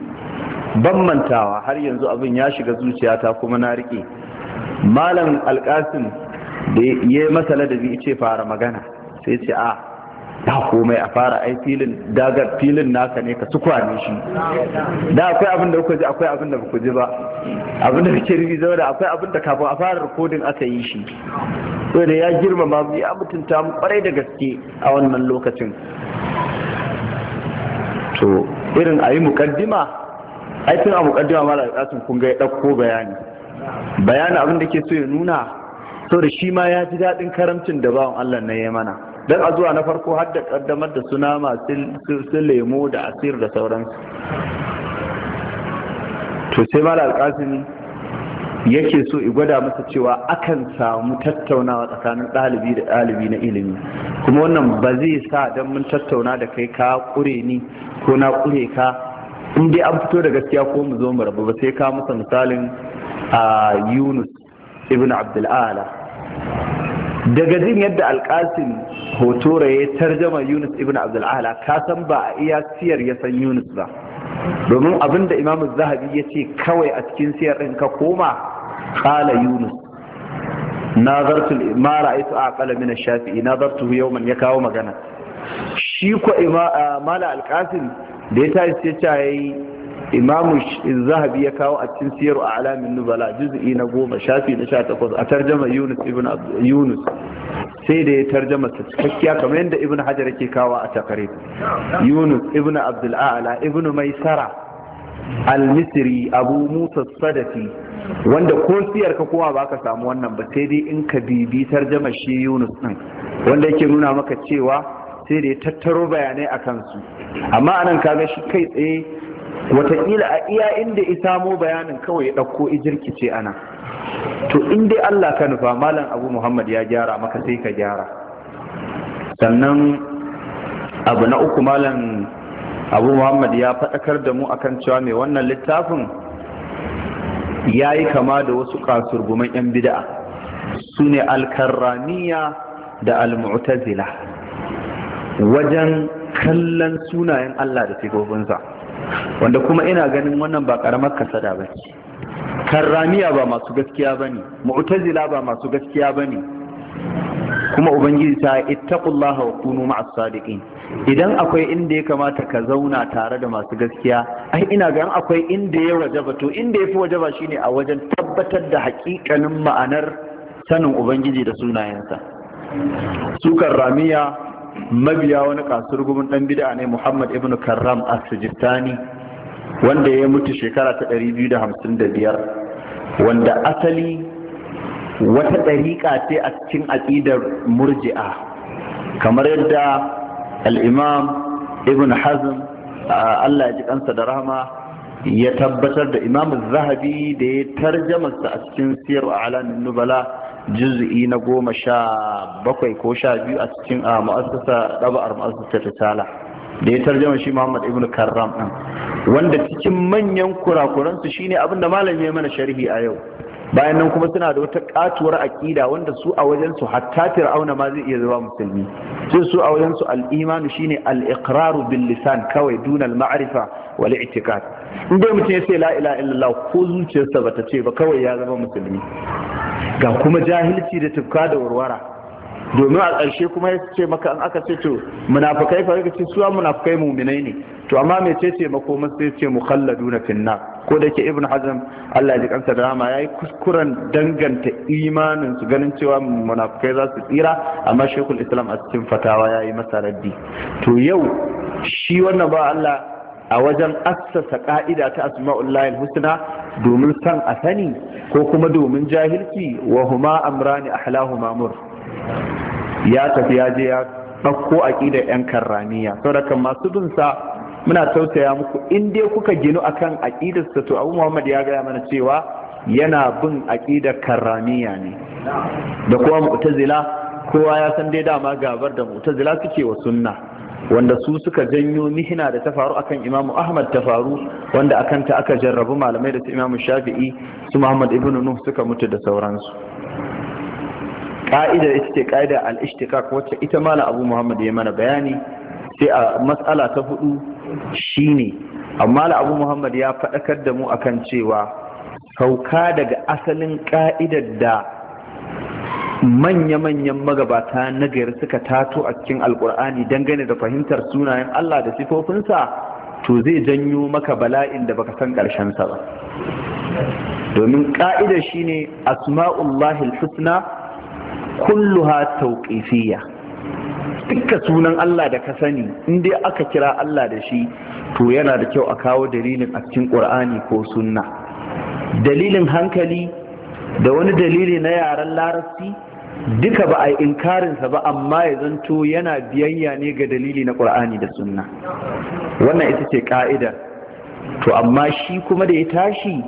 ban mantawa har yanzu abin ya shiga zuciyata kuma na riƙe malam alkasin da ya yi masa ladabi ce fara magana sai ce a ah, da komai a fara ai filin dagar filin naka ne ka ne shi da akwai abin da kuka ji akwai abin da kuka ji ba abin da kake rubi zama da akwai abin da kafin a fara rikodin aka yi shi to da ya girmama mu ya mutunta mu kwarai da gaske a wannan lokacin to irin ayi mukaddima ai tun a mukaddima mala kasin kun ga ya dauko bayani bayani abin da ke so ya nuna saboda shi ma ya ji daɗin karamcin da bawan Allah na ya mana don a zuwa na farko har da kaddamar da suna masu lemo da asir da sauransu to sai mala alkasimi yake so i gwada masa cewa akan samu tattaunawa tsakanin ɗalibi da ɗalibi na ilimi kuma wannan ba zai sa don mun tattauna da kai ka kure ni ko na kure ka in dai an fito da gaskiya ko mu zo mu rabu ba sai ka masa misalin a yunus ibn ala. daga jin yadda alkasin hoto ya tarjama yunus ibn abdul'ala ka san ba a iya siyar ya san yunus ba domin abin da imamu zahabi ya ce kawai a cikin siyar ɗin ka koma kala yunus na zartu ma ra'aitu a kala mina shafi'i na zartu yawman ya kawo magana shi ko mala alƙasim da ya tashi sai ta yi imamu zahabi ya kawo a cikin siyar a alamin nubala juz'i na goma shafi na sha takwas a tarjama yunus ibn yunus sai da ya tarjama su cikakkiya kamar yadda ibn hajar ke kawo a takarib yunus ibn abdulala a'la ibn maisara al-misri abu musa sadafi wanda ko siyar ka kowa ba ka samu wannan ba sai dai in ka bibi tarjama shi yunus din wanda yake nuna maka cewa sai da ya tattaro bayanai a kansu amma anan kaga shi kai tsaye wataƙila a iya inda isamo bayanin kawai ya ɗauko ijirkice ana to in dai Allah ka nufa malam abu muhammad ya gyara maka sai ka gyara sannan abu na uku malam abu muhammad ya faɗakar da mu akan cewa mai wannan littafin ya yi kama da wasu kasurguman 'yan bida'a su ne Alkarraniya da almu'tazila wajen kallon sunayen Allah da sifofinsa. wanda kuma ina ganin wannan ba karamar kasada ba ce karramiya ba masu gaskiya ba ne mu'tazila ba masu gaskiya ba kuma ubangiji ta ittaqullaha wa kunu ma'as sadiqin idan akwai inda ya kamata ka zauna tare da masu gaskiya ai ina ga akwai inda ya wajaba to inda yafi wajaba shine a wajen tabbatar da hakikanin ma'anar sanin ubangiji da sunayensa su karramiya. mabiya wani kasar gumin dan bid'a ne Muhammad ibn Karram as-Sijistani wanda ya mutu shekara ta 255 wanda asali wata ɗariƙa ce a cikin aƙidar murji'a kamar yadda al-Imam Ibn Hazm Allah ya ji kansa da rahama ya tabbatar da Imam Zahabi da ya tarjama sa a cikin Siyar Alamin Nubala juz'i na goma sha bakwai ko sha biyu a cikin a ma'asasa ɗaba'ar ma'asasa risala da ya tarjama shi Muhammad ibn Karram ɗin wanda cikin manyan kurakuransu shine abin da malam ya mana sharhi a yau bayan nan kuma suna da wata katuwar aƙida wanda su a wajen su hatta fir'auna ma zai iya zama musulmi sai su a wajen su al-imanu shine al-iqraru bil lisan kawai dunal al-ma'rifa wal i'tiqad in dai mutum ya ce la ilaha illallah ko zuciyarsa bata ce ba kawai ya zama musulmi ga kuma jahilci da tufka da warwara domin a ƙarshe kuma ya ce maka an aka ce to munafukai fa ce suwa munafukai muminai ne to amma me ce ce mako mun sai ce mukhalladuna finna ko da ke ibn hazm Allah ya kansa da rama yayi kuskuren danganta imanin su ganin cewa munafukai za su tsira amma shekul islam a cikin fatawa yayi masa raddi to yau shi wannan ba Allah a wajen assasa ka'ida ta asma'ullahi husna domin san a sani ko kuma domin jahilci wa huma amrani ahlahuma mur ya tafi ya je ya ɗauko aƙidar 'yan karraniya saboda masu bin sa muna tausaya muku in dai kuka ginu akan aƙidar sa to abu muhammad ya gaya mana cewa yana bin aƙidar karramiya ne da kuma mu'tazila kowa ya san dai dama gabar da mu'tazila suke wa sunna wanda su suka janyo mihina da ta faru akan imamu ahmad ta faru wanda ta aka jarrabu malamai da su imamu shafi'i su muhammad ibn nuh suka mutu da sauransu ka'idar ita ce ka'idar al-ishtiqaq wacce ita malam abu muhammad ya mana bayani sai a matsala ta hudu shine amma abu muhammad ya faɗakar da mu akan cewa sauka daga asalin ka'idar da manya-manyan magabata na gari suka tato a cikin alkur'ani dangane da fahimtar sunayen allah da sifofinsa to zai janyo maka bala'in da baka san ƙarshensa ba domin ka'idar shine asma'ullahi husna kulluha tauqifiyya dukkan sunan Allah da ka sani in dai aka kira Allah da shi to yana da kyau a kawo dalilin a cikin Qur'ani ko sunna dalilin hankali da wani dalili na yaren larabci duka ba a yi inkarinsa ba amma ya zanto yana biyayya ne ga dalili na ƙur'ani da sunna wannan ita ce ƙa'ida to amma shi kuma da ya tashi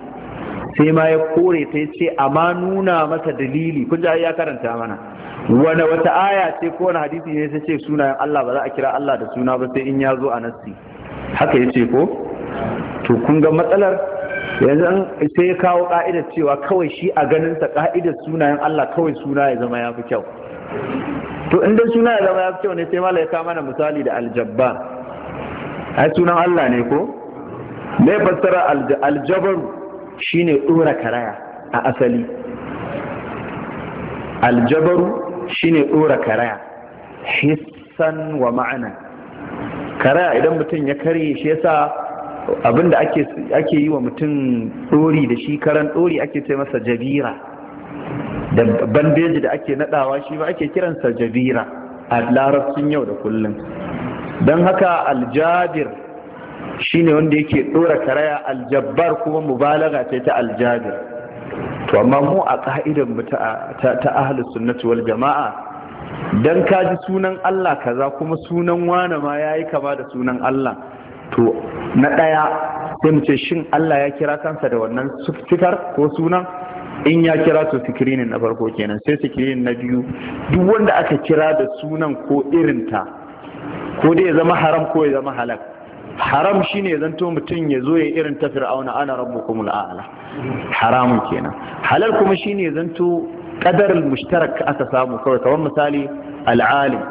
sai ma ya kore ta ya ce amma nuna masa dalili kun ji ya karanta mana wani wata aya ce ko wani hadisi ne sai ce sunayen Allah ba za a kira Allah da suna ba sai in ya zo a nassi haka ya ce ko to kun ga matsalar yanzu sai ya kawo ka'ida cewa kawai shi a ganin sa ka'ida sunayen Allah kawai suna ya zama ya fi kyau to in dai suna ya zama ya fi kyau ne sai mala ya kawo mana misali da aljabba ai sunan Allah ne ko me fassara aljabaru shine ɗora karaya a asali aljabaru shine ɗora karaya hissan wa ma'ana karaya idan mutum ya karye shi yasa abinda ake ake yi wa mutum ɗori da shi karan ɗori ake ce masa jabira da bandeji da ake naɗawa shi ba ake kiransa jabira a larabcin yau da kullum don haka aljabir shine wanda yake dora karaya aljabbar kuma mubalaga ce ta aljabir to amma mu a ka'idar mu ta ta ahlus wal jama'a dan ka ji sunan Allah kaza kuma sunan wane ma yayi kama da sunan Allah to na daya sai mu ce shin Allah ya kira kansa da wannan sifar ko sunan in ya kira to sikirin na farko kenan sai sikirin na biyu duk wanda aka kira da sunan ko irinta ko dai ya zama haram ko ya zama halak haram shine zanto mutum ya zo ya irin ta fir'auna ana rabbukumul a'la haramun kenan halal kuma shine zanto qadarul mushtarak aka samu kawai kamar misali al'alim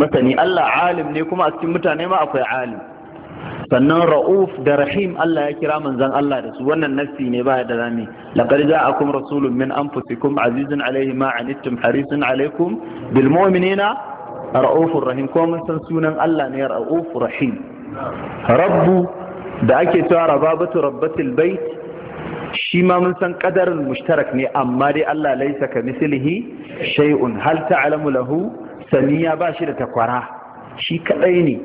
masani Allah alim ne kuma a cikin mutane ma akwai alim sannan ra'uf da rahim Allah ya kira manzan Allah da su wannan nassi ne ba da zami laqad ja'akum rasulun min anfusikum azizun alayhi ma anittum harisun alaykum bil mu'minina ra'ufur rahim ko san sunan Allah ne ra'ufur rahim rabbu da ake cewa rababatu rabbatul bait shi ma mun san kadarin mushtarak ne amma dai Allah laisa ka mislihi shay'un hal ta'lamu lahu samiya ba shi da takwara shi kadai ne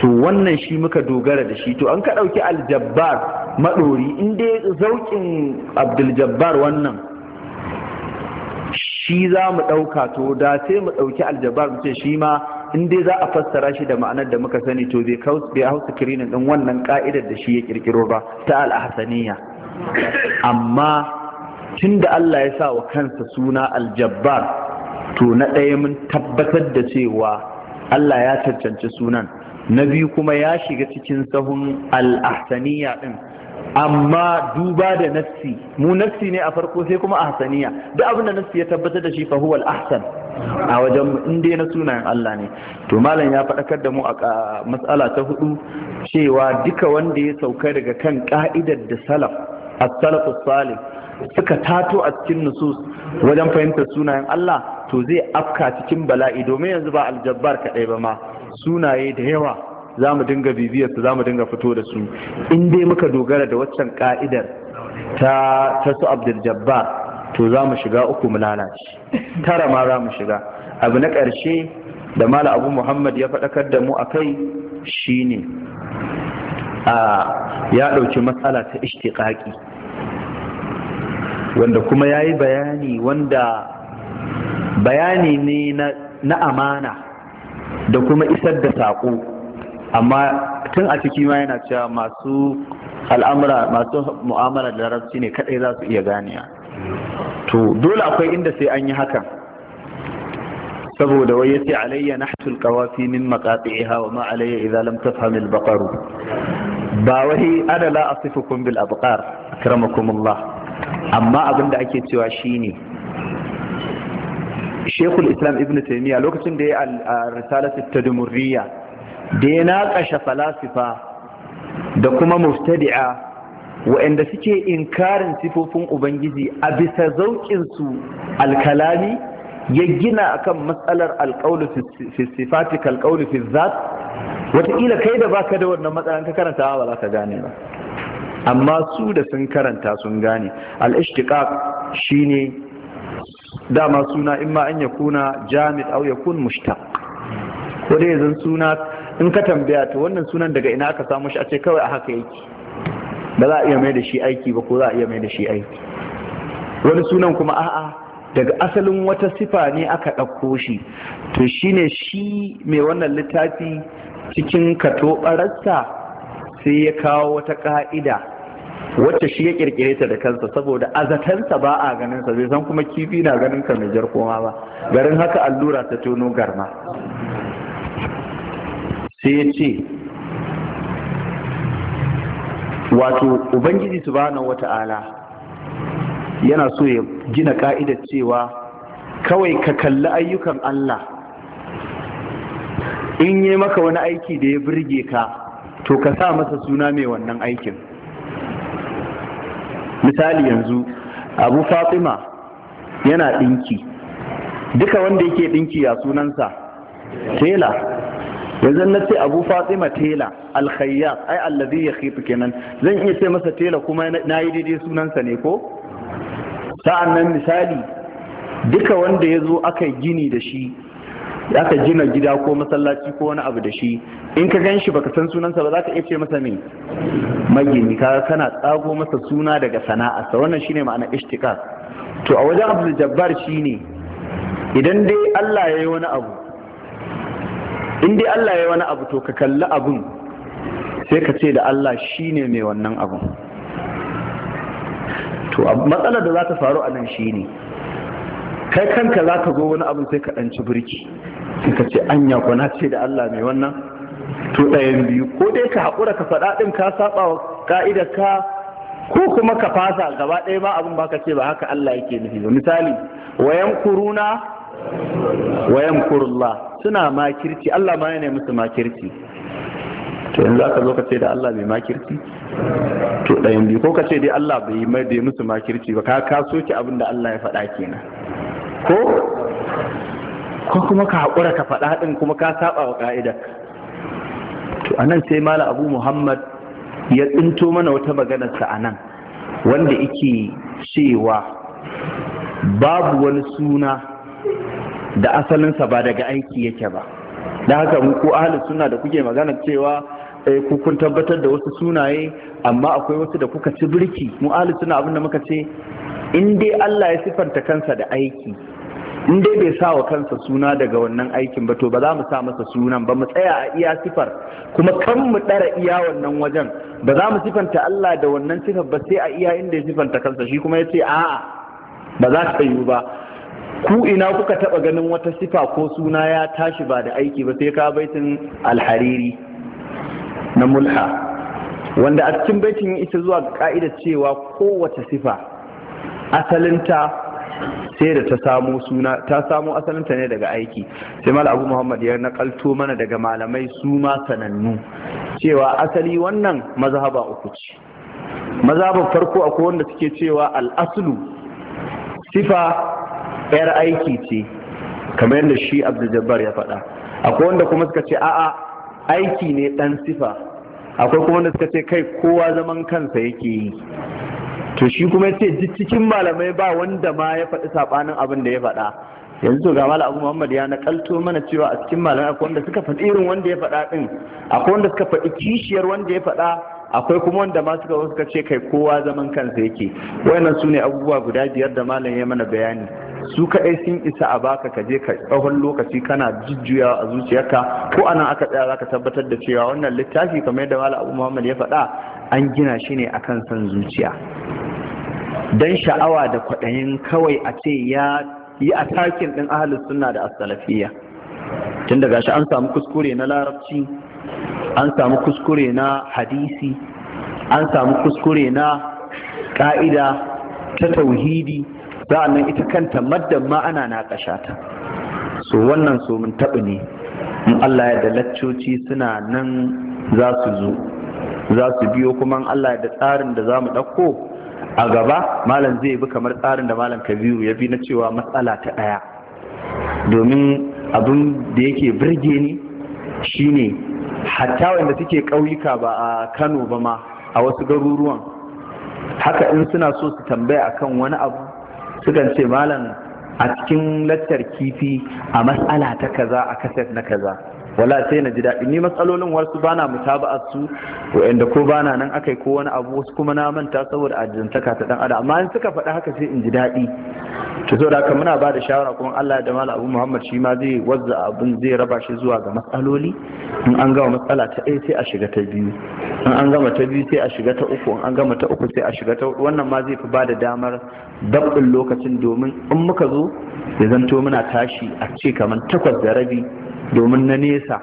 to wannan shi muka dogara da shi to an ka dauki aljabbar madori inda dai zaukin abdul wannan shi za mu dauka to da sai mu dauki aljabbar mu ce shi ma in dai za a fassara shi da ma'anar da muka sani to bai hausa kirinin din wannan ka'idar da shi ya kirkiro ba ta al'ahsaniya amma tun da Allah ya sa wa kansa suna aljabbar to na ɗaya mun tabbatar da cewa Allah ya cancanci sunan na biyu kuma ya shiga cikin sahun al'ahsaniya din amma duba da nassi mu nassi ne a farko sai kuma ahsaniya duk abin da nassi ya tabbatar da shi fa huwa ahsan a wajen in dai na sunayen Allah ne to malam ya faɗakar da mu a matsala ta hudu cewa duka wanda ya sauka daga kan ka'idar da salaf as-salaf salih suka tato a cikin nusus wajen fahimtar sunayen Allah to zai afka cikin bala'i domin yanzu ba aljabbar kadai ba ma sunaye da yawa za mu dinga bibiyar su za mu dinga fito da su in dai muka dogara da waccan ka'idar ta ta su abdul jabbar to za mu shiga uku mu lalace tara ma za mu shiga abu na ƙarshe da mala abu muhammad ya faɗakar da mu a kai shine a ya ɗauki matsala ta ishtiƙaƙi wanda kuma ya yi bayani wanda bayani ne na amana da kuma isar da saƙo amma tun a ciki ma yana cewa masu al'amura masu mu'amala da larabci ne kadai za su iya ganiya to dole akwai inda sai an yi haka saboda wai yace alayya nahtul qawafi min maqati'iha wa ma alayya idza lam tafham al baqar ba wai ana la asifukum bil abqar allah amma abinda ake cewa shine Sheikhul Islam Ibn Taymiyyah lokacin da ya al risalatu at da ya naƙashe falasifa da kuma mubtadi'a waɗanda suke inkarin sifofin ubangiji a bisa zauƙinsu alkalami ya gina a kan matsalar alƙaulu fi wataƙila kai da baka da wannan matsalar ka karanta ba ka gane ba amma su da sun karanta sun gane al shi ne dama suna in imma an kuna jamid ya kun mushtaq ko dai zan suna in ka tambaya ta wannan sunan daga ina aka samu shi a ce kawai a haka yake ba za a iya mai da shi aiki ba ko za a iya mai da shi aiki wani sunan kuma a'a daga asalin wata sifa ne aka ɗauko shi to shine shi mai wannan littafi cikin katobararsa sai ya kawo wata ka'ida wacce shi ya ƙirƙire ta da kansa saboda azatansa ba a ganin sa zai san kuma kifi na ganin ka mai jar koma ba garin haka allura ta tono garma sai ya ce wato ubangiji bana wata'ala yana so ya gina ka'idar cewa kawai ka kalli ayyukan Allah in yi maka wani aiki da ya birge ka to ka sa masa suna mai wannan aikin misali yanzu abu fatima yana ɗinki duka wanda yake ɗinki a sunansa tela yanzu na ce abu fatima tela alkhayyar ai allazi ya khitu kenan zan iya ce masa tela kuma na yi daidai sunansa ne ko sa'an nan misali duka wanda ya zo aka gini da shi aka gina gida ko masallaci ko wani abu da shi in ka gan shi baka san sunansa ba za ka iya ce masa me magini ka kana tsago masa suna daga sana'arsa wannan shine ma'ana ishtiqaq to a wajen abdul jabbar shine idan dai Allah ya yi wani abu in dai Allah ya wani abu to ka kalli abun sai ka ce da Allah shi ne mai wannan abun to matsalar da za ta faru a nan shi ne, kai kanka za ka zo wani abun sai ka ɗanci birki sai ka ce an ko na ce da Allah mai wannan to ɗayan biyu ko dai ka haƙura ka faɗa ɗin ka saɓa wa ka'idar ka ko kuma ka fasa gaba ɗaya ma abun ba ka ce ba haka Allah yake nufi ba misali wayan kuruna wayan yamkurullah suna makirci Allah ma yana musu makirci to yanzu aka zo ka ce da Allah mai makirci to ɗayan biyu ko ka ce dai Allah bai da musu makirci ba ka ka soke abin da Allah ya faɗa kenan ko ko kuma ka haƙura ka faɗa ɗin kuma ka saba wa ƙa'ida? to anan sai mala abu muhammad ya tsinto mana wata maganarsa a nan wanda yake cewa babu wani suna da asalinsa ba daga aiki yake ba da haka ku ahalin suna da kuke magana cewa eh, ku kun tabbatar da wasu sunaye amma akwai wasu da kuka ci birki mu ahalin suna abinda muka ce in dai Allah ya sifanta kansa da aiki in dai bai sa wa kansa suna daga wannan aikin ba to ba za mu sa masa sunan ba mu tsaya a iya sifar kuma kan mu ɗara iya wannan wajen ba za mu sifanta Allah da wannan sifar ba sai a iya inda ya sifanta kansa shi kuma ya ce a'a ba za ka yi ba ku ina kuka taba ganin wata sifa ko suna ya tashi ba da aiki ba sai ka baitin alhariri na mulha wanda a cikin baitin ita zuwa ga ka'ida cewa kowace sifa asalinta sai da ta samo suna ta samo asalinta ne daga aiki sai mal abu muhammad ya nakalto mana daga malamai su ma sanannu cewa asali wannan mazhaba uku ce mazhabar farko akwai wanda suke cewa al-aslu sifa yar aiki ce kamar yadda shi abdul ya faɗa akwai wanda kuma suka ce a'a aiki ne dan sifa akwai kuma wanda suka ce kai kowa zaman kansa yake yi to shi kuma ya ce cikin malamai ba wanda ma ya faɗi saɓanin abin da ya faɗa yanzu to ga malamu abu muhammad ya nakalto mana cewa a cikin malamai akwai wanda suka faɗi irin wanda ya faɗa ɗin akwai wanda suka faɗi kishiyar wanda ya faɗa akwai kuma wanda ma suka suka ce kai kowa zaman kansa yake wayannan sune abubuwa guda biyar da malam ya mana bayani su kaɗai sun isa a baka ka je ka tsawon lokaci kana jujjuya a zuciyarka ko a nan aka tsaya za ka tabbatar da cewa wannan littafi kamar yadda mala abu muhammad ya faɗa an gina shi ne akan son zuciya dan sha'awa da kwaɗayin kawai a ce ya yi a takin ɗin ahalus suna da asalafiya tun daga shi an samu kuskure na larabci an samu kuskure na hadisi an samu kuskure na ƙa'ida ta tauhidi nan ita kanta maddan ma ana naƙasha ta so wannan so mun taɓa ne in Allah ya da laccoci suna nan za su zo za su biyo kuma in Allah ya da tsarin da za mu ɗauko a gaba malam zai bi kamar tsarin da malam kabiru ya bi na cewa matsala ta ɗaya domin abin da yake birge ni shine hatta wanda suke ƙauyuka ba a kano ba ma a wasu garuruwan haka in suna so su tambaya akan wani abu sukan ce malam a cikin lattar kifi a matsala ta kaza a kaset na kaza wala sai na ji daɗi ni matsalolin wasu bana a su wa'anda ko bana nan akai ko wani abu wasu kuma na manta saboda ajiyantaka ta dan adam amma in suka faɗi haka sai in ji daɗi to da haka muna ba da shawara kuma Allah da mala Abu Muhammad shi ma zai wazza abin zai raba shi zuwa ga matsaloli in an gama matsala ta ɗaya sai a shiga ta biyu in an gama ta biyu sai a shiga ta uku in an gama ta uku sai a shiga ta hudu wannan ma zai fi ba da damar dabbin lokacin domin in muka zo ya zanto muna tashi a ce kamar takwas da rabi domin na nesa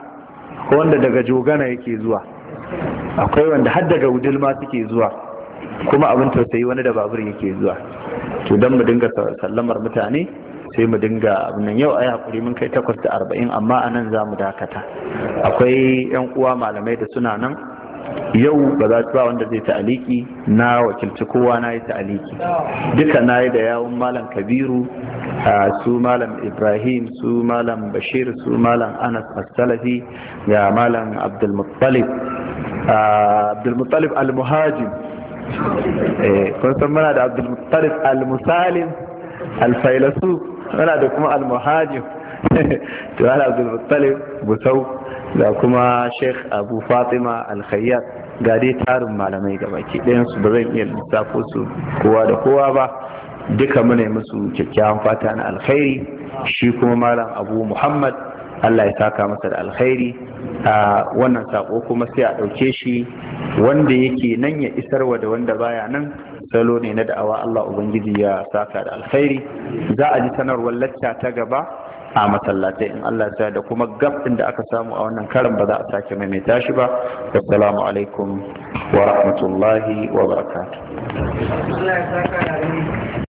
ko wanda daga jogana yake zuwa akwai wanda har daga wudilma ma suke zuwa kuma abin tausayi wani da babur yake zuwa to don mu dinga sallamar mutane sai mu dinga nan yau a hakuri mun kai takwas da arba'in amma a nan za mu dakata akwai yan uwa malamai da suna nan yau ba za ba wanda zai ta'aliki na wakilci kowa na yi ta'aliki duka na yi da yawon malam kabiru su malam ibrahim su malam bashir su malam anas as-salafi ga malam abdulmuttalib abdulmuttalib al-muhajim eh, kun san muna da abdulmuttalib al-musalim al-failasu muna da kuma al-muhajim to ana abdulmuttalib busau Da kuma sheikh abu fatima alkhayyar ga dai tarin malamai ga baki ɗayansu ba zan iya lissafo su kowa da kowa ba duka muna musu kyakkyawan fata na alkhairi shi kuma malam abu muhammad allah ya saka masa da alkhairi a wannan sako kuma sai a ɗauke shi wanda yake nan ya isarwa da wanda baya nan salo ne na da'awa allah ubangiji ya saka da alkhairi za a ji sanarwar lacca ta gaba a masallatai in Allah ya da kuma gab din da aka samu a wannan karin ba za a sake maimaita shi ba assalamu alaikum wa rahmatullahi wa barakatuh